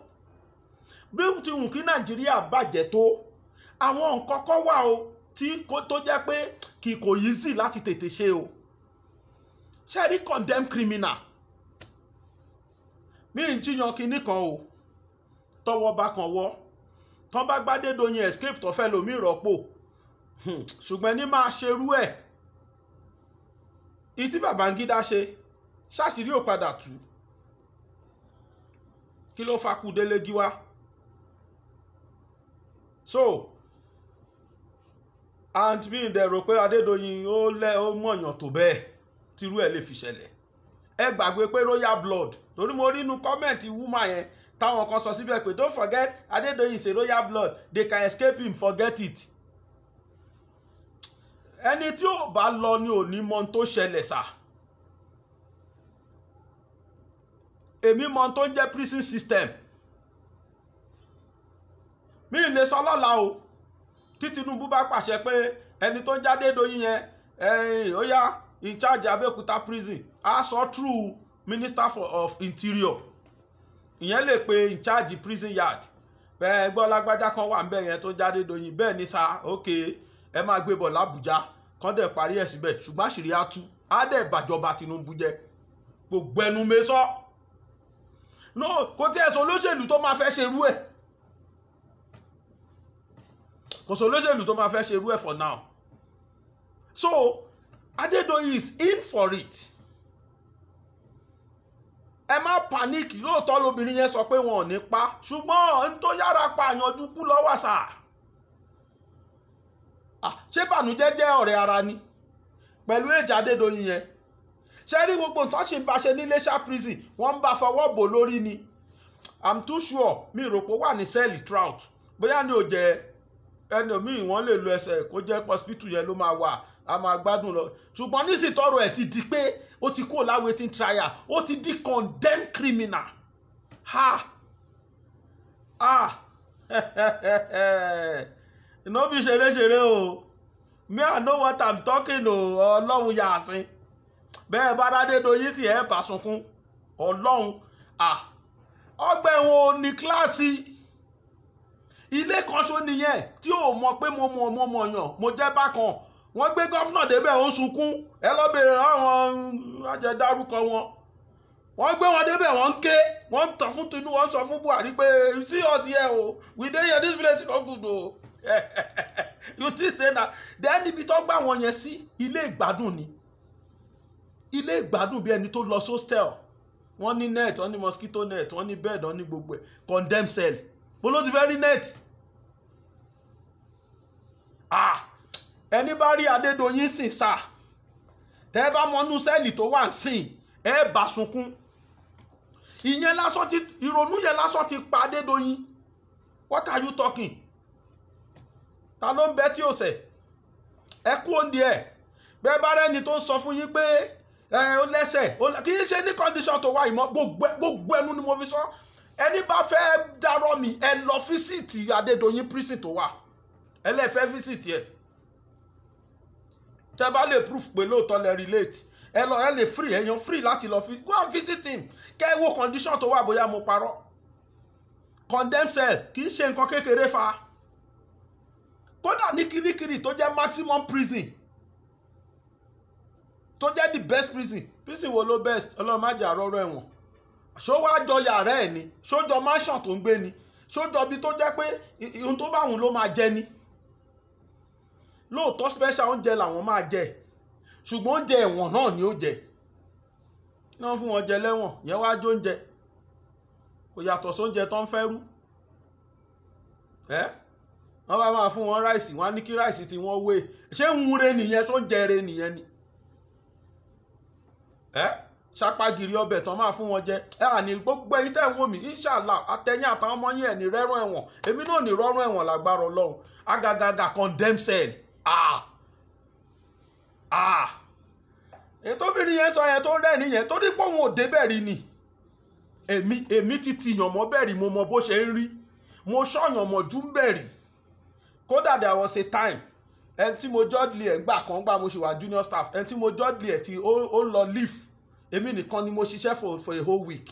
bí ti wù kí Nàìjíríà bàjẹ́ tó àwọn nǹkan kan wà o tí tó jẹ́ pé kì kò easy láti tètè ṣe o ṣe rí condemn criminal mi ń jiyàn kinní kan o tọwọ́ bá kan wọ́ tán bá gbádé doyin escape tó fẹ́ lomi ìrọ́pò hmm, ṣùgbọ́n ní máa ṣerú ẹ̀ ìtí Babangida ṣe ṣáṣìírí ò padà tú kí ló fa kú délé gíwá so and mi ń dẹ̀rọ pé Adédoyin ó lẹ́ ó mọ̀yàn tó bẹ́ẹ̀ tírú ẹ̀ lè fi ṣẹlẹ̀ ẹ gbàgbé pé royal blood torí mo rí inú kọ́mẹ̀ntì wúmà yẹn táwọn kan sọ síbẹ̀ pé don't forget Adédoyin ṣe royal blood they can escape him forget it ẹni tí ò bá lọ ni ò ní mọ tó ṣẹlẹ̀ sáà èmi mọ tó ń jẹ́ prison system mi ì lè sọ lọ́la o tí Tinubu bá pàṣẹ pé ẹni tó ń jáde doyin yẹn ẹ̀yìn ó in charge Abẹ́òkúta prison a sọ through minister for, of interior ìyẹn lè pe in charge prison yard bẹ́ẹ̀ gbọ́ lágbájá kan wà níbẹ̀ yẹn tó jáde doyin bẹ́ẹ̀ ni sa ok ẹ máa gbé bọ̀ làbújá kán dẹ̀ parí ẹ̀ síbẹ̀ ṣùgbọ́n àṣírí á tú á dẹ̀ bàjọba Tinubu jẹ gbogbo ẹnu mi sọ. So no kò tí ẹ̀ sọ olóṣèlú tó máa fẹ́ ṣerú ẹ̀ kò sọ olóṣèlú tó máa fẹ́ ṣerú ẹ̀ for now so Adédoyin is in for it ẹ má pàníkì lóòótọ́ lobìnrin yẹn sọ pé wọn ò ní pa ṣùgbọ́n n tó yára pa àyànjú kú lọ́wọ́ sà ah, ṣé bànújẹ́ jẹ́ ọ̀rẹ́ ara ni pẹ̀lú èjì Adédoyin yẹn ṣe rí gbogbo nǹkan ṣe bá ṣe ní Iléṣà prison wọ́n bá fọwọ́ bò lórí ni i'm too sure mi rò pé ó wà ní sẹ́ẹ̀lì trout bóyá ni ò jẹ́ ẹni míì wọ́n lè lo ẹsẹ̀ kó jẹ́ hospital yẹn ló máa wà a máa gbádùn lọ ṣùgbọ́n nísìnyí tọrọ ẹ̀ ti di pé ó ti kó láwọn waiting trial ó ti di condemned criminal ha ha no be ṣeré ṣeré o me i know what i'm talking o ọlọ́run yà á sin bẹ́ẹ̀ bá Adédoyin sì ẹ̀ bá sunkún ọlọ́run à ọgbà ẹ̀wọ̀n ní kíláàsì ilé kan ṣó nìyẹn tí ò mọ pé mo mọ mo mọ yàn mo jẹ́ bákan wọ́n gbé gọ́fúnà débẹ̀ ó ń sunkún ẹ lọ́ọ́ bèrè àwọn ajẹ́dárúkọ wọn wọ́n gbé wọn débẹ̀ wọ́n ń ké wọ́n ń tàn fún Tinubu wọ́n sọ fún Buhari pé sí ọ̀sì ẹ̀ o we dey here this place no good o you see say na then ibi tó gbà wọn yẹn sí ilé ìgbádùn ni ilé ìgbádùn bí ẹni tó lọ sóstẹ́l wọ́n ní net wọ́n ní mosquito net wọ́n ní bed wọ́n ní gbogbo ẹ̀ condemn cell bó ló very net ah ẹni bá rí Adédoyin sìn sá tẹ́ ẹ bá mọnú sẹ́ẹ̀lì tó wà ń sìn ẹ bá sunkún ìyẹn lásán ti ìrònú yẹn lásán ti pa Adédoyin what are you talking ta ló ń bẹ tí ò sẹ̀ ẹ kú òǹdí ẹ̀ bẹ́ẹ̀ bá rẹ́ni tó ń sọ fún yín pé ẹ ó lẹ́sẹ̀ kì í ṣe ní condition tó wá ìmọ̀ gbogbo ẹnu ni mo fi sọ ẹni bá fẹ́ dárọ́ mi ẹ lọ fíṣítì Adédoyin prison tó wà ẹ lẹ́ fẹ́ fíṣítì ẹ̀ tẹ́ bá lè proof pé lóòótọ́ lẹ relate ẹ lọ ẹ lè free ẹ yan free láti lọ fi go and visit him kẹ́ ẹ wo condition tó wà bóyá mo parọ́ condemn cell kì í ṣe nǹkan kékeré fa kódà ní kirikiri tó jẹ́ maximum prison tó jẹ́ the best prison prison wo ló best ọlọ́run má jà rọ́rọ́ ẹ̀wọ̀n ṣó wáá jọ yàrá ẹ̀ ni ṣó jọ mansion tó ń gbé ni ṣó jọ ibi tó jẹ́ pé ohun tó bá wùn ló máa jẹ ni lóòótọ́ special oúnjẹ làwọn máa jẹ ṣùgbọ́n oúnjẹ ẹ̀wọ̀n náà ni ó jẹ náà fún wọn jẹ lẹ́wọ̀n yẹn wá jó oúnjẹ kò yàtọ̀ sóúnjẹ tó ń fẹ́ rú ẹ́ wọ́n bá máa fún wọn ráìsì wọ́n á ní kí ráìsì tí wọ́n wé ṣé ń wúre nìyẹn tó ń jẹre nìyẹn ni ẹ́ ṣapagiri ọbẹ̀ tán máa fún wọn jẹ ẹ àní gbogbo ẹ̀yin tẹ́ ń wò mí inshàlá àtẹ̀yìn àtàwọn ọmọ yín ẹ̀ ní rẹ́rùn ẹ̀wọ̀n èmi náà ní rọ́rùn ẹ̀wọ̀n lágbára ọlọ́run agagaga condemn cell ah ah ètò obìnrin yẹn sọ yẹn tó rẹ́rìn yẹn torí pé òun ò débẹ̀ rí ni èmi èmi ti ti yàn mọ́ bẹ̀rì mo mọ bó ṣe ń rí mo ṣọ̀yàn mọ́ jú ń bẹ̀rì kódà there was a time ẹni tí mo jọ́dìlì ẹ̀ ń gbà kan gbà mo ṣe wà junior staff ẹni tí mo jọ́dìlì ẹ̀ tí ó ń lọ leave èmi nìkan ni mo ṣiṣẹ́ for for a whole week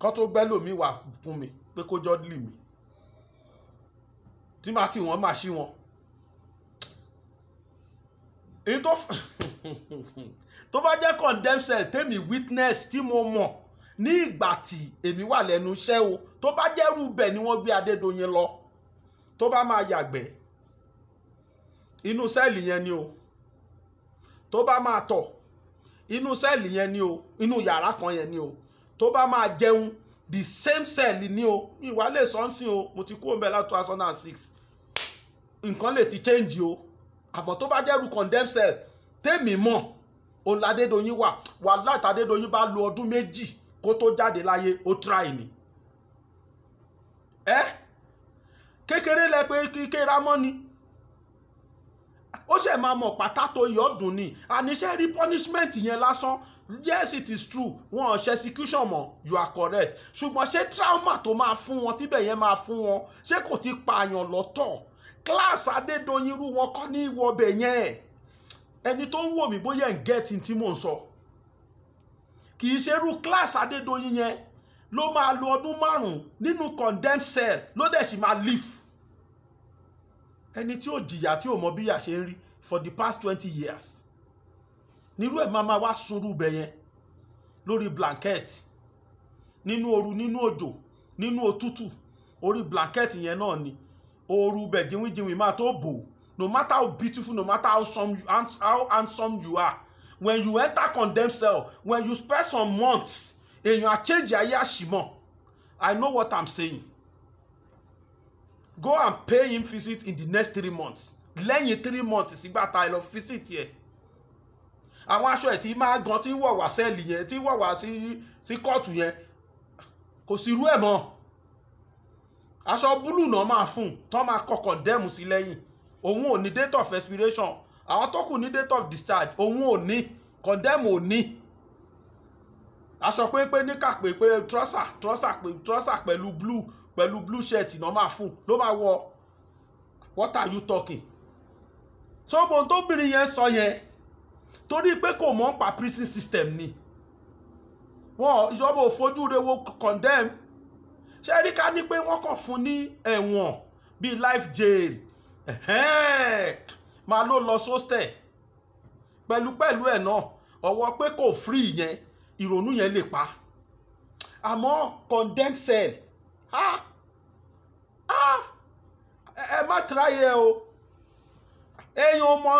kó tó gbẹ́ lòmí wà fún mi pé kó jọ lì mí tí màá tì wọ́n màá ṣí wọn. èyí tó tó bá jẹ́ condemn cell tèmi witness tí mo mọ̀ ní ìgbà tí èmi wà lẹ́nu iṣẹ́ o tó bá jẹ́rú bẹ̀ ni wọ́n gbé Adédoyin lọ tó bá máa yàgbẹ́ inú sẹ́ẹ̀lì yẹn ni o tó bá máa tọ̀ inú sẹ́ẹ̀lì yẹn ni o inú yàrá kan yẹn ni o tó bá máa jẹun the same cell ni o mi wá lè sọ ń sìn o mo ti kú òun bẹ́ẹ̀ six nǹkan lè ti change o àmọ́ tó bá jẹ́rù condemn cell tèmi mọ̀ òun ládédoyin wà wàhálà tàdédoyin bá lo ọdún méjì kó tó jáde láyé ó try ni ẹ kékeré lẹ pé kíkéramọ́ ni ó ṣẹ̀ máa mọ̀ pátá tó yọ̀ ni àníṣe rí punishment yẹn lásán yes it is true wọn ṣe execution mọ́ you are correct ṣùgbọ́n ṣé trauma tó máa fún wọn tíbẹ̀ yẹn máa fún wọn ṣé kò ti pààyàn lọ́tọ̀ class Adédoyin irú wọn kọ́ ní ìwọ̀bẹ̀ yẹn ẹni tó ń wò mí bóyá ń gẹ́ẹ̀tì tí mò ń sọ kì í ṣerú class Adédoyin yẹn ló máa lo ọdún márùn-ún nínú condemned cell ló dẹ̀ sì máa leave ẹni tí ò jìyà tí ò mọ bí yà ṣe rí for the past twenty years nírú ẹ̀ máa máa wá sunrú bẹ̀ yẹn lórí blanket nínú ooru nínú òjò nínú òtútù orí blanket yẹn náà ni ooru bẹ̀ jínwínjínwí máa tó bò no matter how beautiful no matter how, some, how handsome you are when you enter condemn cell when you spend some months èèyàn àchange ayé àṣìmọ́ i know what i'm saying go and pay him visit in the next three months lẹ́yìn three months sígbà tá ẹ lọ visit yẹ àwọn aṣọ ẹ̀ tí máa gan tí wọ̀ wá sẹ́ẹ̀lì yẹn tí wọ̀ wá sí kóòtù yẹn kò sí irú ẹ̀ mọ́ aṣọ búlù náà máa fún tán máa kọkọ̀ dẹ́mu sí lẹ́yìn òun ò ní date of expiration àwọn tó kù ní date of discharge òun ò ní condemn ò ní aṣọ pé pé níkà pé pé trọ́sà trọ́sà pẹ̀lú blue pẹ̀lú blue shirt náà máa fún ló máa wọ what are you talking so gbogbo tóbìnrin yẹn sọ yẹn torí pé kò mọ̀ nípa prison system ni wọn ìjọba ò fojú re wo condemn ṣé rí ká ní pé wọ́n kàn fún ní ẹ̀wọ̀n bíi life jail máa ló lọ sóstẹ̀ pẹ̀lúpẹ̀lú ẹ̀ náà ọ̀wọ́ pé kò free yẹn ìrònú yẹn lè pa àmọ́ condemn cell ah ah ẹ má tíráyé o èèyàn ọmọ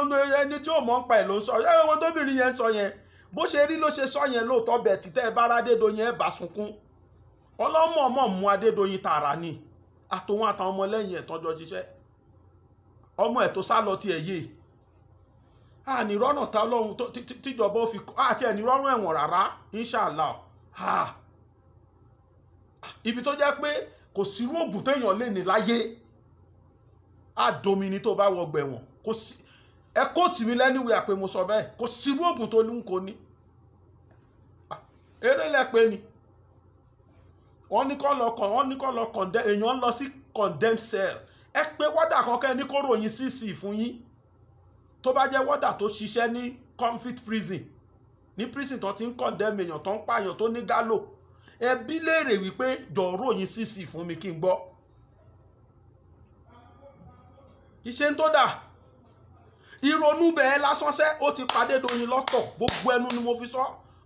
ẹni tí ò mọ̀ ń pa ẹ̀ ló ń sọ ẹ wọn tóbìnrin yẹn ń sọ yẹn bó ṣe rí ló ṣe sọ yẹn lóòótọ́ bẹ̀ títẹ́ ẹ bá ara Adédoyin ẹ bá sunkún ọlọ́mọ ọmọ mú Adédoyin tààrà ni àtòun àtàwọn ọmọlẹ́yìn ẹ̀ tọ́jọ́ ṣiṣẹ́ ọmọ ẹ̀ tó sá lọ tiẹ̀ yìí ànírọ́nà tá ọlọ́run tíjọba ó fi àti ẹ̀nírọ́rùn ẹ̀wọ̀n rárá inshàlá ibi tó jẹ́ pé kò sírú ògùn téèyàn lè ní láyé àdómi ni tó bá wọgbẹ̀ wọ̀n kò sí ẹ kóòtù mi lẹ́niwé àpè mo sọ bẹ́ẹ̀ kò sírú ògùn tó lóun kò ní eré lẹ́pẹ́ ni wọ́n ní kọ́ lọ kàn wọ́n ní kọ́ lọ kàn èèyàn lọ sí condemn cell ẹ pé wọ́dà kan kẹ́ ẹ ní kó ròyìn cc fún yín tó bá jẹ́ wọ́dà tó ṣiṣẹ́ ní conflict prison ní prison tó ti ń condemn èèyàn tó ń pààyàn tó ní gálò ẹbí léèrè wípé dọ̀rọ̀ yín sísì fún mi kí n gbọ́ iṣẹ́ ń tó dà ìrònú bẹ́ẹ̀ lásán sẹ́ ó ti padé doyin lọ́tọ̀ gbogbo ẹnu ni mo fi sọ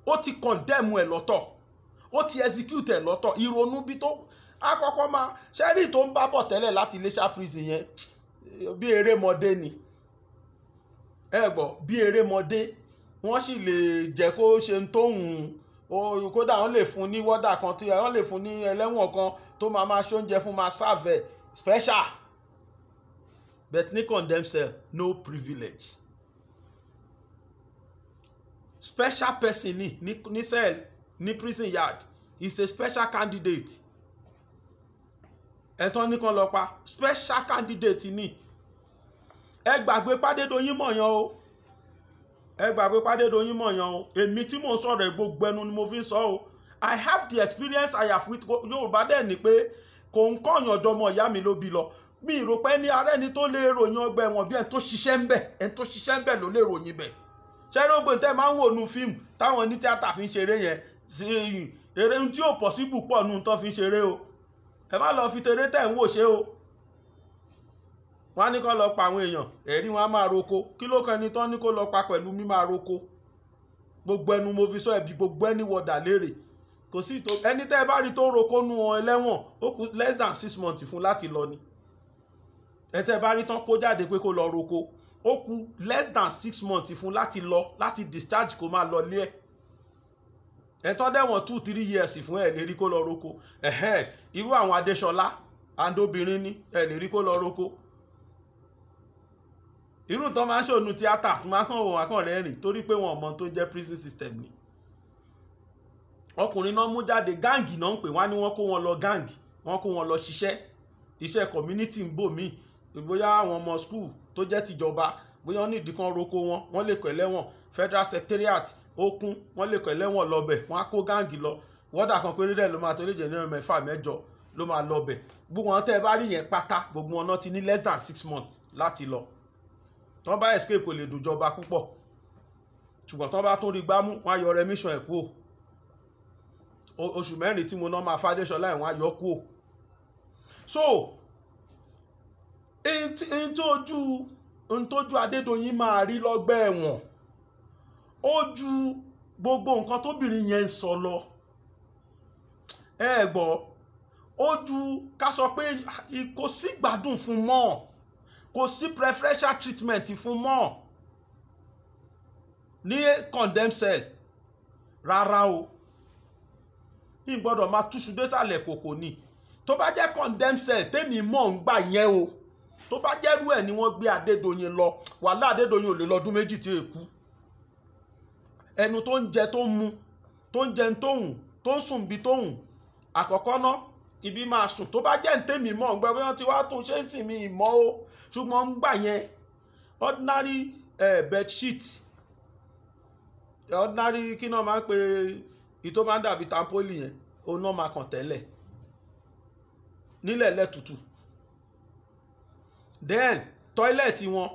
ó ti condemn ẹ̀ lọ́tọ̀ ó ti execute ẹ̀ lọ́tọ̀ ìrònú bí tó àkọ́kọ́ máa ṣẹ́rí tó ń bá bọ̀ tẹ́lẹ̀ láti Iléṣà prison yẹn bí erémọdé ni ẹ gbọ́ bí erémọdé wọ́n sì lè jẹ́ kó ṣe ń tóhùn kódà wọ́n lè fún ní wọ́dà kan tí wọ́n lè fún ní ẹlẹ́wọ̀n kan tó máa máa ṣe oúnjẹ fún máa serve special but ní condemn no privilege special person ni ní cell ní prison yard is a special candidate ẹ̀tàn nìkan lọ pa special candidate ni ẹ gbàgbé Pádédoyin mọ̀yàn o ẹ pé Adédoyin mọ̀ yan o èmi tí mò ń sọ̀rọ̀ ẹ̀ gbogbo ẹnu ni mo fi ń sọ o i have the experience i have with yorùbá dẹ̀ ni pé kò ń kọ̀yàn ọjọ́ ọmọ ìyá mi ló bí lọ mi ì rò pé ní ara ẹni tó lè ròyìn ọgbà ẹ̀wọ̀n bí ẹni tó ṣiṣẹ́ ń bẹ̀ ẹni tó ṣiṣẹ́ ń bẹ̀ ló lè ròyìn bẹ̀ ṣẹ́rọ́gbọ̀n tẹ́ máa ń wò nu fíìmù táwọn ní tíátà fi ń ṣeré yẹn eré tí ò pọ̀ síbù pọ̀ nu tó fi ń ṣeré o ẹ má lọ fi tèrè tẹ̀ ń wò ṣe o wọ́n á ní kó lọ pa àwọn èèyàn ẹ̀rí wọn á máa roko kí ló kan ẹni tán ní kó lọ pa pẹ̀lú mi máa roko gbogbo ẹnu mo fi sọ ẹ̀bi gbogbo ẹni wọ̀dà léèrè kò sí ìtò ẹni tẹ́ ẹ bá rí tó roko nu wọn ẹlẹ́wọ̀n ó kù less than six months fún láti lọ ni ẹ tẹ́ ẹ bá rí tán kó jáde pé kó lọ roko ó kù less than six months fún láti lọ láti discharge kó máa lọ lé ẹ̀ ẹ̀tọ́ dẹ̀wọ̀n two three years fún ẹ̀ lérí kó lọ roko ẹ̀hẹ́ irú àwọn Adéṣọlá andóbìnrin ní ẹ̀ lérí kó lọ roko irú tán máa ń ṣònu tíátà tó máa ń hàn òun akọ́rẹ́ rìn torí pé wọn ò tó jẹ́ prison system ni ọkùnrin náà mú jáde gáǹgì náà ń pè wá ní wọ́n kó wọn lọ gáǹgì wọ́n kó wọn lọ ṣiṣẹ́ iṣẹ́ community ń bò mí bóyá àwọn ọmọ school tó jẹ́ tìjọba bóyá wọ́n nídìí kan roko wọn wọ́n lè kọ̀ ẹlẹ́wọ̀n federal secretariat okun wọ́n lè kọ̀ ẹlẹ́wọ̀n lọ́bẹ̀ wọ́n á kó gáǹgì lọ wọ́dà kan péré dẹ̀ ló máa torí jẹ̀ nínú mẹ́fà mẹ́jọ ló máa lọ́bẹ̀ gbogbo wọn tẹ́ ẹ bá rí yẹn pátá gbogbo wọn ti ní less than six months láti lọ tán bá escape kò lè dùjọba púpọ̀ ṣùgbọ́n tán bá tún rí gbámú wọn á yọ remission ẹ̀ kú o oṣù mẹ́rin tí mo ná máa fàdéṣọlá ẹ̀ wọ́n á yọ kú o so ntójú ntójú adédọ̀yìn máa rí lọ́gbẹ́ ẹ̀wọ̀n ó ju gbogbo nǹkan tóbìnrin yẹn ń sọ lọ ẹ gbọ́ ó ju ká sọ pé kò sí gbádùn fún mọ́ ọ́ kò sí preferential treatment fún mọ́ ní condemn cell rárá o ní gbọ́dọ̀ máa túṣu désàlẹ̀ kòkò ni tó bá jẹ́ condemn cell tèmi mọ̀ ń gbà yẹn o tó bá jẹ́rú ẹ̀ ni wọ́n gbé Adédoyin lọ wàhálà Adédoyin ò lè lọ́dún méjì tí èkú ẹnu tó ń jẹ tó ń mu tó ń jẹun tó ń sùn bí tóhùn àkọ́kọ́ náà ibi máa sùn tó bá jẹ́ ntẹ́mi mọ̀ gbẹ́ bí wọ́n ti wá tún ṣe ń sìn mí ìmọ̀ o ṣùgbọ́n ń gbà yẹn ordinary eh, bed sheet ordinary kí náà máa ń pe ìtò máa ń dàbí tampoli yẹn òun náà máa kàn tẹ́lẹ̀ nílẹ̀ lẹ́tùtù then tọ́ílẹ̀tì wọn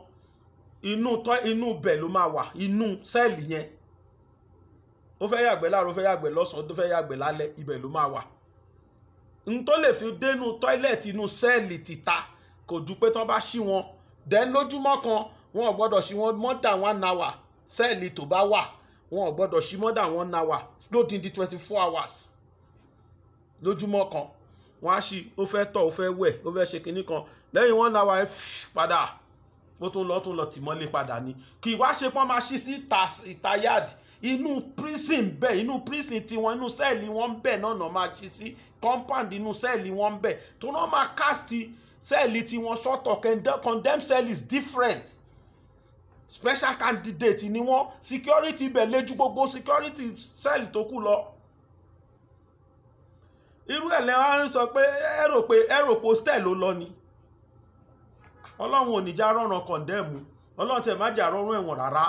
inú tọ́ inú bẹ̀ ló máa wà inú sẹ́ẹ̀lì yẹn ó fẹ́ yàgbẹ́ láàárọ̀ ó fẹ́ yàgbẹ́ lọ́sàn-án ó fẹ́ yàgbẹ́ lálẹ́ ibẹ̀ ló máa wà n tó lè fi dénú tọ́ílẹ̀tì inú sẹ́ẹ̀lì tìta kò ju pé tán bá ṣí wọn then lójúmọ́ kan wọn ò gbọ́dọ̀ ṣí wọn more than one hour sẹ́ẹ̀lì tó bá wà wọn ò gbọ́dọ̀ ṣí more than one hour lódindi twenty four hours lójúmọ́ kan wọn á ṣí ó fẹ́ tọ̀ ó fẹ́ wẹ̀ ó fẹ́ ṣe kinní kan lẹ́yìn one hour ẹ padà ó tún lọ tún lọ tìmọ́lé padà ni kì í wá ṣe pọ́n máa ṣí sí ìta yard inú prison bẹ́ẹ̀ inú prison tiwọn inú sẹ́ẹ̀lì wọn bẹ́ẹ̀ náà náà máa ṣí sí compound inú sẹ́ẹ̀lì wọn ń bẹ̀ tó náà máa cast sẹ́ẹ̀lì tiwọn sọ́tọ̀ condemn cell is different special candidate ni wọ́n security ibẹ̀ lé ju gbogbo security cell tó kù lọ irú ẹ̀ lẹ́wọ̀n á sọ pé ẹ̀rọ pé ẹ̀rọ postel ló lọ ni ọlọ́run ò ní já rọ̀ràn kọ̀ndẹ́ẹ̀mù ọlọ́run tẹ̀ má jà rọ̀rùn ẹ̀wọ̀n rárá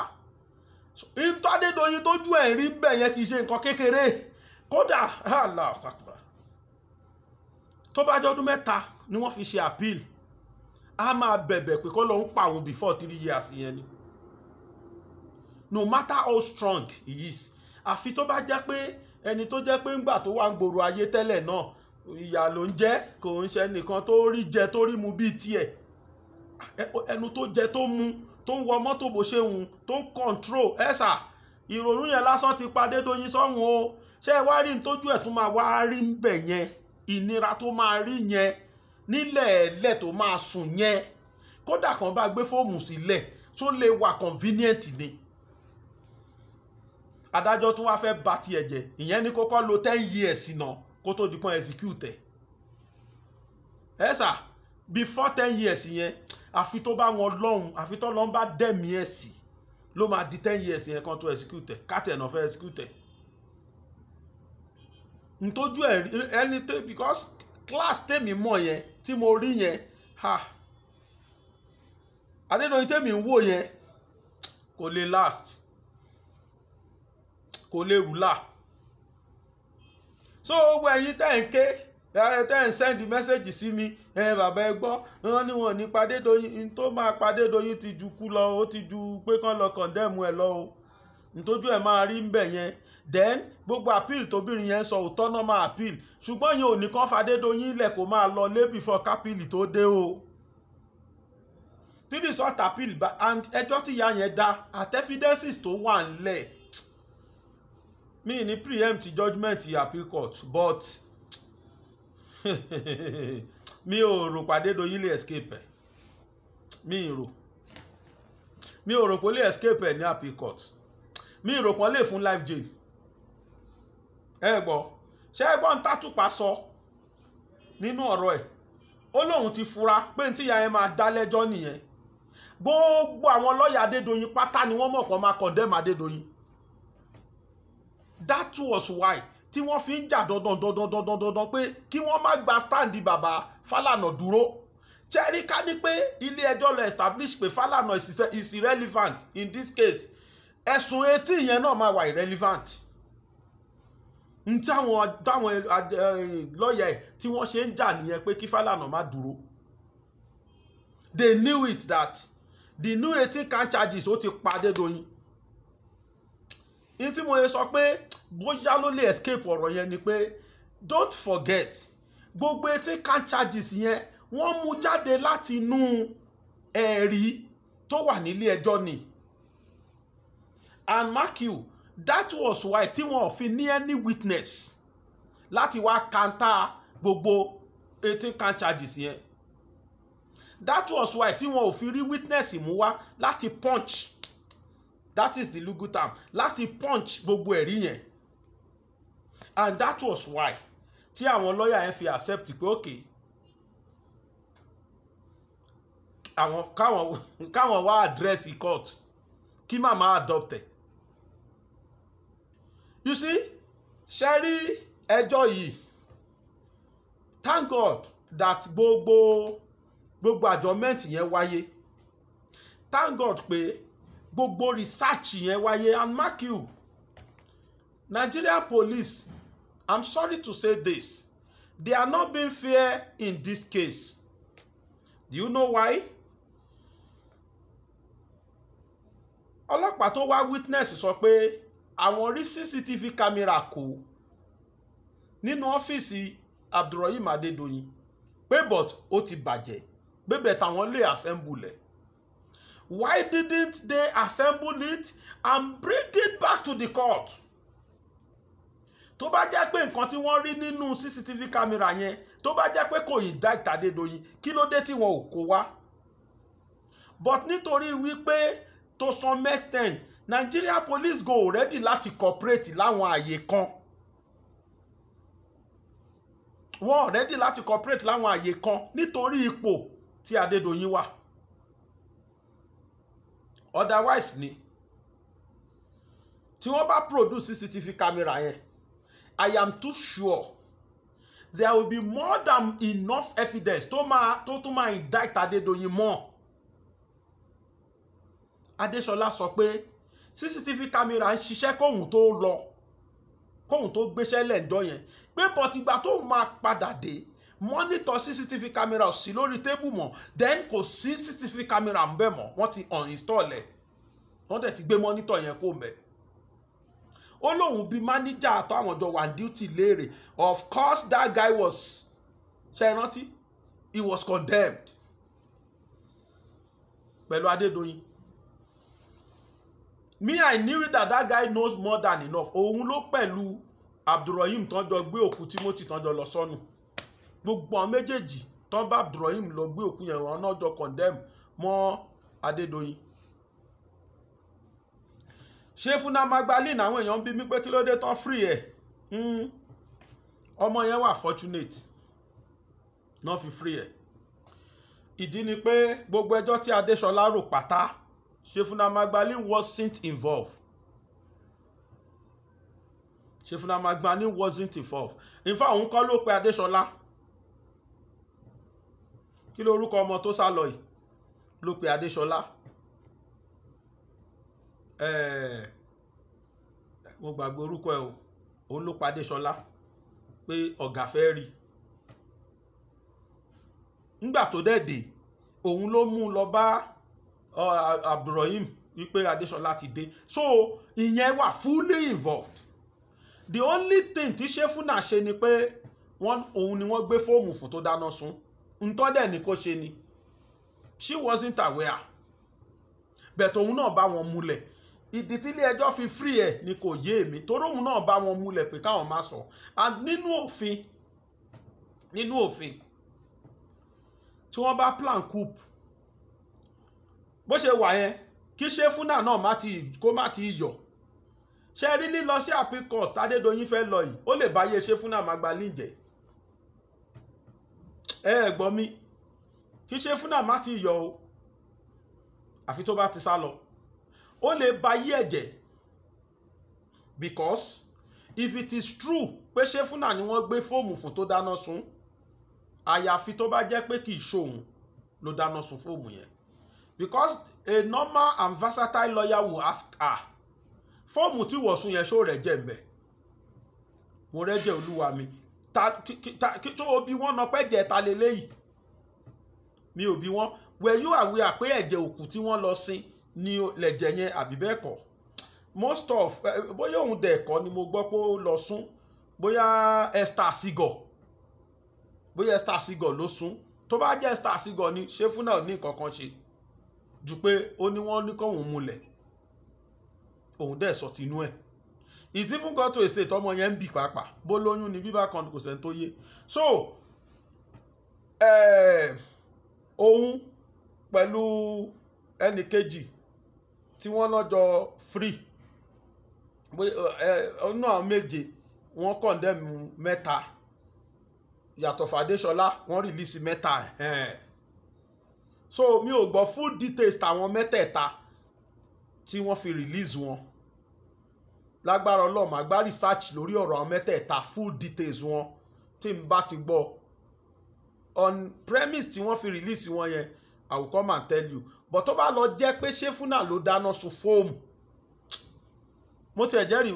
ntọ́dédoyin tójú ẹ̀ rí bẹ́ẹ̀ yẹn kì í ṣe nǹkan kékeré kódà Allah tó bá jẹ́ mẹ́ta ni wọ́n fi ṣe appeal a máa bẹ̀bẹ̀ pé kó lóun pa òun before three years yẹn ni no matter how strong he is àfi tó bá jẹ́ pé ẹni tó jẹ́ pé ńgbà tó wà ń gbòòrò ayé tẹ́lẹ̀ náà ìyà ló ń jẹ kò ń ṣe nìkan tó rí jẹ tó rí mu bíi tiẹ̀ ẹnu tó jẹ tó mu tó ń wọ mọ́tò bó ṣe hùn tó ń control ẹ̀sà ìrònú yẹn lásán ti padé doyin sọ́hun o ṣé ẹ wá rí ní tójú ẹ̀ tún máa wá rí ń bẹ̀ yẹn ìnira tó máa rí yẹn nílẹ̀ ẹ̀lẹ̀ tó máa sùn yẹn kódà kan bá gbé fóòmù sílẹ̀ tó lè wà convenient ni adájọ́ tún wáá fẹ́ ba tiẹ̀ jẹ́ ìyẹn ní kókó lo ten years náà kó tó di kan execute ẹ̀ sà before ten years yẹn àfi tó bá wọn lọ́hùn àfi tó lọ́n bá dẹ̀mí ẹ̀ sí ló máa di ten years yẹn kan tó execute kátẹ̀ náà fẹ́ execute ntójú ẹ ẹni tẹ because class tèmi mọ̀ yẹn tí mo rí yẹn ha Adédoyin tèmi ń wò yẹn kò lè last kò lè rúlà so gbogbo ẹ̀yin tẹ́ ń ké tẹ́ ń sẹ́ndì message sí mi bàbá ẹ gbọ́ wọn ni wọn ní padédoyin tó máa padédoyin ti ju kú lọ ó ti ju pé kán lọ kọ̀ndẹ́mù ẹ lọ o ntójú ẹ máa rí ń bẹ̀ yẹn then gbogbo appeal tóbìnrin yẹn sọ òótọ́ náà máa appeal ṣùgbọ́n yẹn ò ní kán fàdédoyin ilẹ̀ kó máa lọ lé before kápìlì tó dé o tí resort appeal and ẹjọ́ tí ìyá yẹn dá at evidences tó wà ńlẹ̀ mi ní preempt judgement appeal court but mi ò rò pàdédoyin lè escape ẹ̀ mi ò rò mi ò rò pé lè escape ẹ̀ ní appeal court mi ò rò pé ó lè fún life jail ẹ gbọ́ ṣé ẹ gbọ́ ń tátùpá sọ nínú ọ̀rọ̀ ẹ̀ ó lóun ti fura pé ní tíya ẹ máa dá lẹ́jọ́ nìyẹn gbogbo àwọn lọ́ọ̀yà Adédoyin pátá ni wọ́n mọ̀ pé máa condemn Adédoyin that was why tí wọ́n fi ń jà dandan is irrelevant in this case ẹ̀sùn etí yẹn náà máa n táwọn táwọn lọ́ọ̀yà tí wọ́n ṣe ń jà nìyẹn pé kí Fálànà má dúró they knew it that the new eighteen can charges ó ti pa Adédoyin ní tí mo yẹ sọ pé bóyá ló lè escape ọ̀rọ̀ yẹn ni pé don't forget gbogbo eighteen can charges yẹn wọ́n mú jáde láti inú ẹ̀rí tó wà nílé ẹjọ́ ni and mark you that was why tí wọn ò fi ní any witness láti wá kanta gbogbo eighteen count charges yẹn that was why tí wọn ò fi rí witness mú wá láti punch that is the legal term láti punch gbogbo ẹ̀rí yẹn and that was why tí àwọn lọ́ọ̀yà yẹn fi accept pé okay àwọn káwọn káwọn wá address the court kí màmá adopt it you see ṣe rí ẹjọ́ yìí thank God that gbogbo gbogbo adjournment yẹn wáyé thank God pé gbogbo research yẹn wáyé and mark you Nigerian police I'm sorry to say this they are not being fair in this case do you know why ọlọ́pàá tó wá witness sọ pé àwọn rí cctv kámẹ́rà kó nínú ọ́fíìsì abdulrahim adédọ̀yìn pé but ó ti bàjẹ́ pé bẹ̀ táwọn lè assemble ẹ̀ why didn't they assemble it and bring it back to the court tó bá jẹ́ pé nǹkan tí wọ́n rí nínú cctv camera. yẹn tó bá jẹ́ pé kò yí dá ìtàdédọ̀yìn kí ló dé tí wọn ò kó wá but nítorí wípé to some extent Nigeria police go ready láti cooperate láwọn àyè kan wọ́n ready láti cooperate láwọn àyè kan nítorí ipò tí Adédoyin wà otherwise ni tí wọ́n bá produce CCTV camera yẹn I am too sure there will be more than enough evidence tó máa tó tún máa indict Adédoyin mọ́ Adéṣọlá sọ pé. So cctv camera ń ṣiṣẹ́ kóhun tó lọ kóhun tó gbéṣẹ́ lẹ́ǹjọ́ yẹn pé bọ̀tìgbà tóun máa padà dé mọ́nítọ̀ cctv camera ò sí lórí tébù mọ́ then kò sí cctv camera ń bẹ̀ mọ́ wọ́n ti uninstall ẹ̀ wọ́n dẹ̀ ti gbé mọ́nítọ̀ yẹn kó mẹ́ ó lóun bíi máníjà àtọ́ àwọn ọjọ́ wà duty léèrè of course that guy was ṣe é rántí he was condemned pẹ̀lú Adédoyin me i knew that that guy knows more than enough òun ló pẹ̀lú abdulrahim tán jọ gbé òkú timothy tán jọ lọ sọnù gbogbo àwọn méjèèjì tán bá abdulrahim lọ gbé òkú yẹn wọn náà jọ condemn mọ́ adédọ̀yìn ṣé fúnà magdalene àwọn èèyàn ń bí mi pé kí ló dé tán free ẹ̀ hmm. ọmọ yẹn wà fortunate náà fi free ẹ̀ ìdí ni pé gbogbo ẹjọ́ tí adéṣọlá rò pátá Shefuna Magdalene wasn't involved. Shefuna Magdalene wasn't involved. In fact, kọ kọ́ ló pe Adéṣọlá. Kí ló orúkọ ọmọ tó sá lọ yìí? Ló pe Adéṣọlá. mo gbàgbé orúkọ ẹ̀ o. Òun ló pa Adéṣọlá pé ọ̀gá fẹ́ rí i. Nígbà tó dẹ̀ dé, òun ló mú un lọ bá abdulrahim wípé adéṣọlá ti dé so ìyẹn wà fully involved the only thing tí ṣẹ́fúnà ṣe ni pé wọ́n òun ni wọ́n gbé fóòmù fún tó dáná sun ntọ́dẹ̀ ni kò ṣe ni she wasn't aware bẹ̀tẹ̀ òun náà bá wọn múlẹ̀ ìdí tí ilé ẹjọ́ fi free ẹ̀ ni kò yé èmi torí òun náà bá wọn múlẹ̀ pé káwọn má sọ and nínú òfin nínú òfin tí wọ́n bá plan coup bó ṣe wà yẹn kí ṣẹ́fúnà náà má ti kó má ti yọ̀ ṣe rí lílọ sí àpíkọ̀ tádédọ́yìn fẹ́ lọ yìí ó lè báyé ṣẹ́fúnà má gba líǹjẹ́ ẹ ẹ gbọ́ mi kí ṣẹ́fúnà má ti yọ̀ o àfi tó bá ti sá lọ ó lè báyé ẹ̀jẹ̀ because if it is true pé ṣẹ́fúnà ni wọ́n gbé fóòmù fún tó dáná sun àyàfi tó bá jẹ́ pé kì í ṣòun ló dáná sun fóòmù yẹn because a normal and versatile lawyer will ask her fọ́ọ̀mù tí wọ̀sùn yẹn ṣó rẹ̀ jẹ́ mbẹ́ mo rẹ́jẹ̀ olúwa mi tó o bí wọ́n nọ pẹ́ jẹ́ ta lélẹ́yìí mi ò bí wọ́n were you aware pé ẹ̀jẹ̀ òkú tí wọ́n lọ sin ni lẹ̀jẹ̀ yẹn àbí bẹ́ẹ̀ kọ́ most of eh, bóyá òun dẹ̀ kọ́ ni mo gbọ́ pé ó lọ sún bóyá Esther Sigor bóyá Esther Sigor ló sún tó bá jẹ́ Esther Sigor ni ṣé fúnà ní nǹkan kan ṣe ju pé ó ní wọ́n ní kóun múlẹ̀ òun dẹ̀ sọ tinú ẹ̀ it's even got to a state ọmọ yẹn ń bì pàápàá bó lóyún ni bíbá kan kò sẹ́ni tó yé so eh, òun pẹ̀lú ẹnì kejì tí wọ́n lọ́jọ́ free eh, náà méje wọ́n condemn mẹ́ta yàtọ̀ fàdéṣọlá wọ́n rìlíìsì mẹ́ta ẹ̀hẹ́n. Eh so mi ò gbọ́ full details tàwọn mẹ́tẹ̀ẹ̀ta tí wọ́n fi release wọn lágbára ọlọ́run máa gbá research lórí ọ̀rọ̀ àwọn mẹ́tẹ̀ẹ̀ta full details wọn tí n bá ti gbọ́ on premise tí wọ́n fi release wọn yẹn i will come and tell you but tó bá lọ jẹ́ pé ṣéfúnà ló dáná sun fóòmù mo tiẹ̀ jẹ́rìí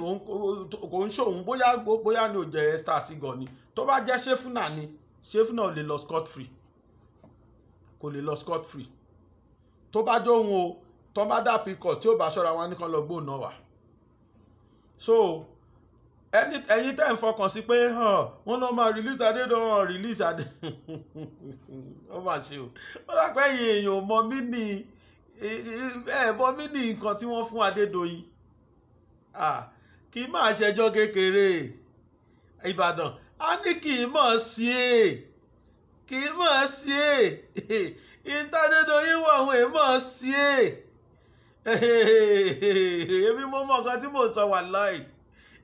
kò ń ṣòun bóyá bóyá ni ò jẹ́ ẹ́ star sí gan ni tó bá jẹ́ ṣéfúnà ni ṣéfúnà ò lè lọ scot free kò lè lọ scot free tó bá jóhun o tó bá dà pikọ̀ tí ó bá ṣọ́ra wọn nìkan lọ gbóòna wà so ẹ̀yin tẹ́ ń fọkàn sí pé wọ́n náà máa release Adédọ̀rùn release Adé ó mà ṣe o ó dàpẹ́ ẹ̀yin èèyàn mọ mí ní ẹ̀ mọ mí ní nǹkan tí wọ́n fún Adédoyin kì í máa ṣẹjọ́ kékeré Ìbàdàn a ní kì í mọ̀ sí i. E kì í mọ̀ ẹ́ sí è ìtàdédoyin wọ̀ àwọn èèmọ̀ sí è èmi mo mọ nǹkan tí mò ń sọ wà láì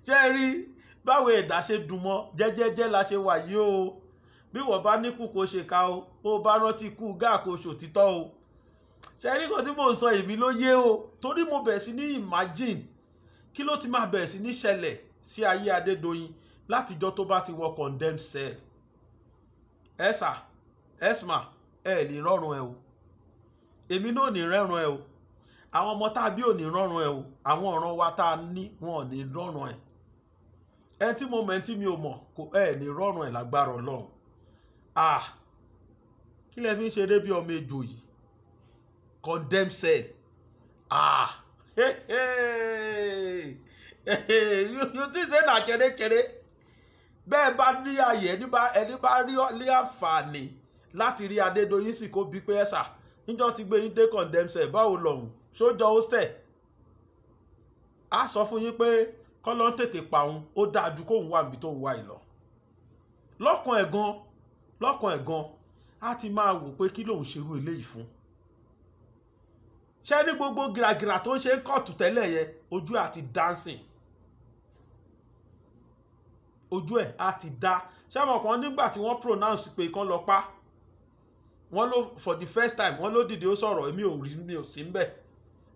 jẹ́ rí báwo ẹ̀dá ṣe dùn mọ́ jẹ́jẹ́jẹ́ la ṣe wà yìí o bí wọ́n bá ní kú kó ṣe ká o bó bá rántí kú gáà kó ṣòtítọ́ o ṣe rí nǹkan tí mò ń sọ èmi ló yé o torí mo bẹ̀rẹ̀ sí ní imagine kí ló ti máa bẹ̀rẹ̀ sí ní ṣẹlẹ̀ sí ayé Adédoyin látijọ́ tó bá ti wọ condemn cell ẹ̀sà ẹ̀sìmà ẹ lè rọrùn ẹ̀ o èmi náà ní rẹ́rùn ẹ̀ o àwọn ọmọ tá a bí ò ní rọrùn ẹ̀ o àwọn ọ̀ràn wa tá a ní wọn ò ní rọrùn ẹ̀ ẹ tí mo mọ̀ ẹ tí mi ò mọ̀ kò ẹ̀ ní rọrùn ẹ̀ lágbára ọlọ́run ah kí lẹ fi ń ṣeré bí ọmọ ejò yìí condemn cell ah hey, hey, you, you think say na kere kere. bẹ́ẹ̀ bá rí àyè ẹni bá rí lé àǹfààní láti rí Adédoyin sì kó bí pé ẹ̀sà níjọ́ ti gbé yín dé condemn cell báwo lọ́hùn sójọ́ hostel a sọ fún yín pé kọ́lọ́ ń tètè pa òun ó dáa ju kóun wà níbi tóun wà yìí lọ lọ́kàn ẹ̀ gan lọ́kàn ẹ̀ gan a ti máa wò pé kí lòun ṣerú eléyìí fún ṣé ní gbogbo gìràgìrà tó ń ṣe ń tẹ́lẹ̀ yẹn ojú àti dancing ojú ẹ̀ á ti dá ṣáàmù kan nígbà tí wọ́n pronounce pé kán lọ pa wọ́n ló for the first time wọ́n ló dìde ó sọ̀rọ̀ èmi ò rí mi ò sí ń bẹ̀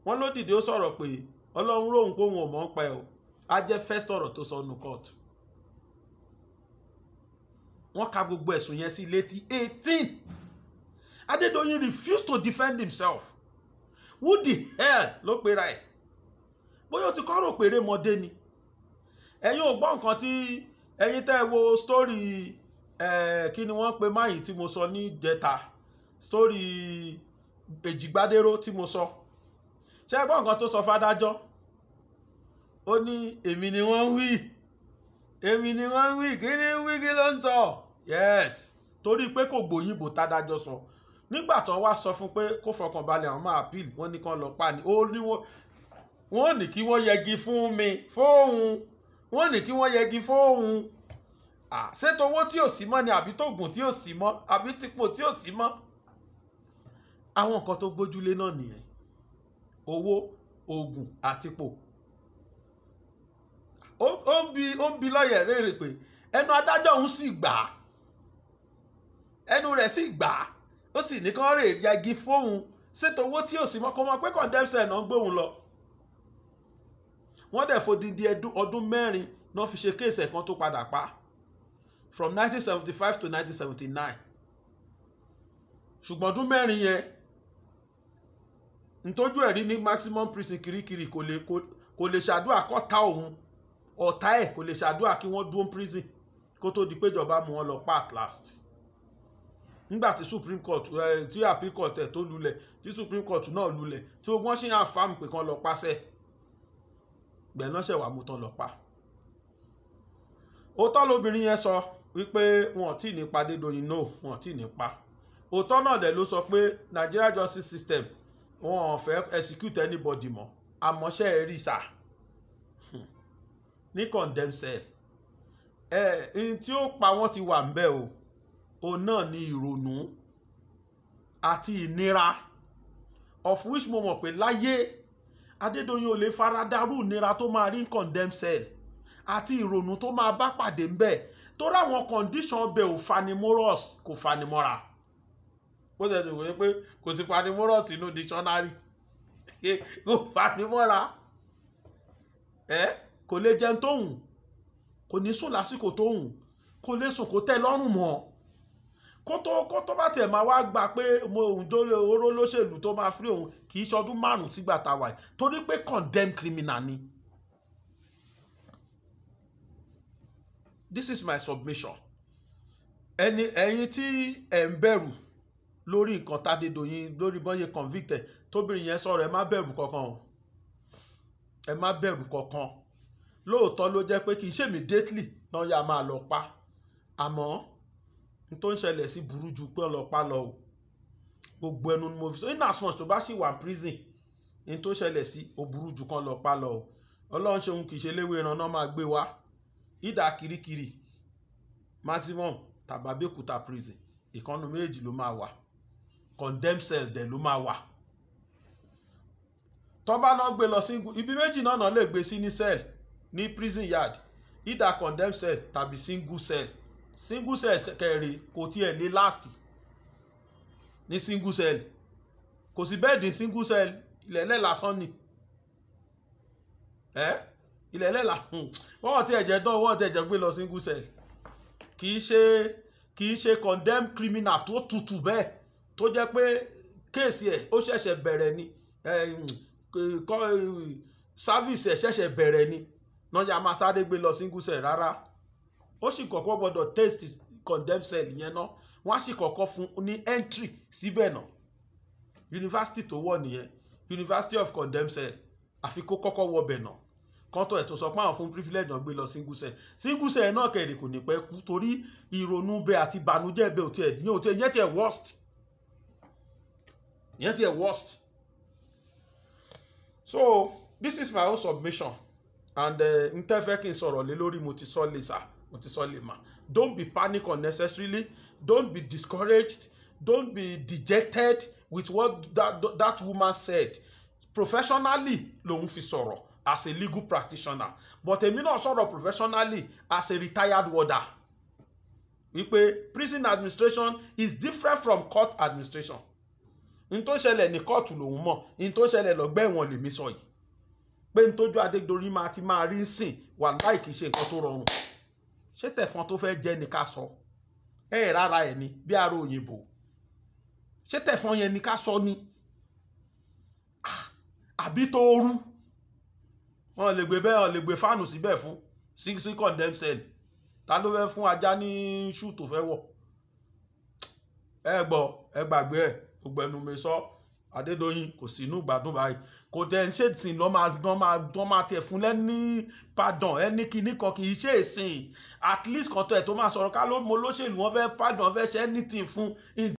wọ́n ló dìde ó sọ̀rọ̀ pé ọlọ́run róhùn pé òun ò mọ̀ ń pẹ́ o á jẹ́ first ọ̀rọ̀ tó sọ nù court wọ́n ka gbogbo ẹ̀sùn yẹn sí létí eighteen Adédoyin refused to defend himself who the hell ló pera ẹ̀ bóyá o ti kọ́ rò péré mọ́dé ni ẹ̀yin ò gbọ́ nǹkan tí ẹ̀yin tẹ́ ẹ wo sítórì kí ni wọ́n pe máyì tí mo sọ ní jẹta sítórì èjìgbádéró tí mo sọ ṣé ẹ gbọ́ nǹkan tó sọ fádájọ́ ó ní èmi ni wọ́n ń wí èmi ni wọ́n ń wí kí ni wí kí ló ń sọ yes torí pé kò gbòyìnbó tádájọ́ sọ nígbà tó wá sọ fún pé kó fọkàn balẹ̀ àwọn máa appeal wọ́n ní kán lọ pa ni ó ní wọ́n ní kí wọ́n yẹgi fún mi fóun wọ́n ní kí wọ́n yẹgi fóun ṣètò owó tí ò sí mọ́ ni àbí tóògùn tí ò sí mọ́ àbí tipò tí ò sí mọ́ àwọn nǹkan tó gbójúlé náà nìyẹn owó oògùn àtipò ó ń bi ó ń bi lọ́yẹ̀ léèrè pé ẹnu adájọ́ òun sì gbà á ẹnu rẹ̀ sì gbà á ó sì ní kán rè yẹgi fóun ṣètò owó tí ò sí mọ́ kó mọ̀ pé condemn náà gbóhùn lọ wọ́n dẹ̀ fòdìdí ọdún mẹ́rin náà fi ṣe kéèsì ẹ̀kan tó padà pa from 1975 to 1979 ṣùgbọ́n ọdún mẹ́rin yẹn ntójú ẹ̀rí ní maximum prison Kirikiri kò lè kò lè ṣàdúrà kọ́ta òun ọ̀tá ẹ̀ kò lè ṣàdúrà kí wọ́n dúró prison kó tó di péjọba mú wọn lọ pa at last nígbà tí supreme court ẹ eh, tí appeal court ẹ tó lulẹ̀ tí supreme court náà lulẹ̀ tí ogbon ṣe ń àfàmù pé kan lọ pàṣẹ bẹ́ẹ̀ náà ṣẹ̀wá mú tán lọ pa òótọ́ lobìnrin yẹn sọ wípé wọn ò tí ì ní pa Adédoyin no wọn ò tí ì ní pa òótọ́ náà dẹ̀ ló sọ pé Nigeria justice system wọn ò fẹ́ execute anybody mọ́ àmọ́ṣẹ́ rí sà hmm. ní condemn cell ẹ ẹni tí ó pa wọ́n ti wà ń bẹ̀ o òun náà ni ìrònú àti ìnira of which mo mọ̀ pé láyé Adédoyin ò lè fara dárú ìnira tó máa rí ní condemn cell àti ìrònú tó máa bá pàdé ń bẹ̀ tó ráwọn condition ọbẹ̀ ò fanimorous kò fanimọ́ra bó ṣe ti wòye pé kò sí fanimorous inú dictionary kò fanimọ́ra ẹ kò lè jẹun tóhùn kò ní sùn lásìkò tóhùn kò lè sùn kó tẹ́ lọ́rùn mọ́ ọ kó tó kó tó bá tẹ̀ máa wá gbà pé mo òun dólé oró lóṣèlú tó máa fírí òun kì í ṣọdún márùn-ún sígbà tá a wà yìí torí pé condemn criminal ni. this is my submission ẹni ẹ̀yin tí ẹ ń bẹ̀rù lórí nǹkan tádédọ̀yìn lórí bọ́yẹ convicted tóbìnrin yẹn sọ̀rọ̀ ẹ má bẹ̀rù kankan o ẹ má bẹ̀rù kankan lóòótọ́ ló jẹ́ pé kì í ṣèmi détìlì náà yà máa lọ pa àmọ́ n tó ń ṣẹlẹ̀ sí burú ju pé ọlọ́pàá o gbogbo ẹnu ni mo fi sọ in as much tó bá sì wà prison n tó ṣẹlẹ̀ sí o burú ju kan ọlọ́pàá lọ o ọlọ́run ṣeun kì í ṣe léwé ìrànná máa gbé wa ìdá kirikiri maximum tàbábẹ́kúta prison ìkànnù méjì ló máa wà condemn cell dẹ̀ ló máa wà tọ́ba náà gbé lọ sí ibi méjì náà náà lè gbé sí ní cell ní prison yard ìdá condemn cell tàbí single cell single cell kẹrẹ kò tiẹ̀ lè last ní single cell kò sí bẹ́ẹ̀dì single cell ilẹ̀lẹ̀ lásán ni ẹ́ ilẹ̀lẹ̀ là hmm, wọ́n ti ẹ̀jẹ̀ dán wọ́n ti ẹ̀jẹ̀ gbé lọ single cell kì í ṣe kì í ṣe condemn criminal tó tutù bẹ́ẹ̀ tó jẹ́ pé kéèsì ẹ̀ ó ṣẹ̀ṣẹ̀ bẹ̀rẹ̀ ni service ẹ̀ ṣẹ̀ṣẹ̀ bẹ̀rẹ̀ ni lọ́jà máa sáré gbé lọ single cell rárá ó sì kọ́kọ́ gbọ́dọ̀ taste condemn cell yẹn náà wọ́n á sì kọ́kọ́ fún ní entry síbẹ̀ náà yunifásitì tó wọ̀ nìyẹn university of condemn cell àfi kó kọ́kọ́ wọbẹ̀ náà kọ́ńtọ̀ ẹ̀ tó sọ pé àwọn fún privilege náà gbé lọ single cell single cell náà kẹ̀rì kò ní pẹ́ kú torí ìrònú bẹ àti ìbànújẹ́ bẹ òtí ẹ̀ ní òtí ẹ̀ yẹn ti ẹ̀ worst yẹn ti ẹ̀ worst so this is my own submission and eh, ntẹ́fẹ́ kí n sọ̀rọ̀ lé lórí mo ti sọ lè sá mo ti sọ lè mà don't be panic unnecessarily don't be discouraged don't be dejected with what that, that woman said professionally lòun fi sọ̀rọ̀ as a legal practitioner but èmi náà sọ̀rọ̀ professionally as a retired warder wípé prison administration is different from court administration n tó ṣẹlẹ̀ ní kóòtù lòun mọ̀ n tó ṣẹlẹ̀ lọ́gbẹ́ ẹ̀wọ̀n lèmi sọ yìí pé n tójú adédorí máa ti máa rí sìn wà láì kìí ṣe nǹkan tó rọrùn ṣé tẹ̀fọn tó fẹ́ jẹ nìka sọ ẹ rárá ẹ̀ ni bí ara òyìnbó ṣé tẹ̀fọn yẹn nìka sọ ni ah, àbí tó rú wọn lè gbé bẹ́ẹ̀ wọn lè gbé fáànù síbẹ̀ fún sí condemn cell ta ló fẹ́ fún ajá ní ṣù tó fẹ́ wọ̀ ẹ gbọ́ ẹ gbàgbé ẹ gbogbo ẹnu mi sọ Adédọ́yìn kò sínú gbádùn báyìí kò dẹ̀ ń ṣe ìsìn lọ́ máa dán máa dán máa tiẹ̀ fún lẹ́ní pardon ẹni kìíní kan kì í ṣe ìsìn at least kan tó ẹ̀ tó máa sọ̀rọ̀ ká ló mọ olóṣèlú wọn fẹ́ pardon fẹ́ ṣe anything fún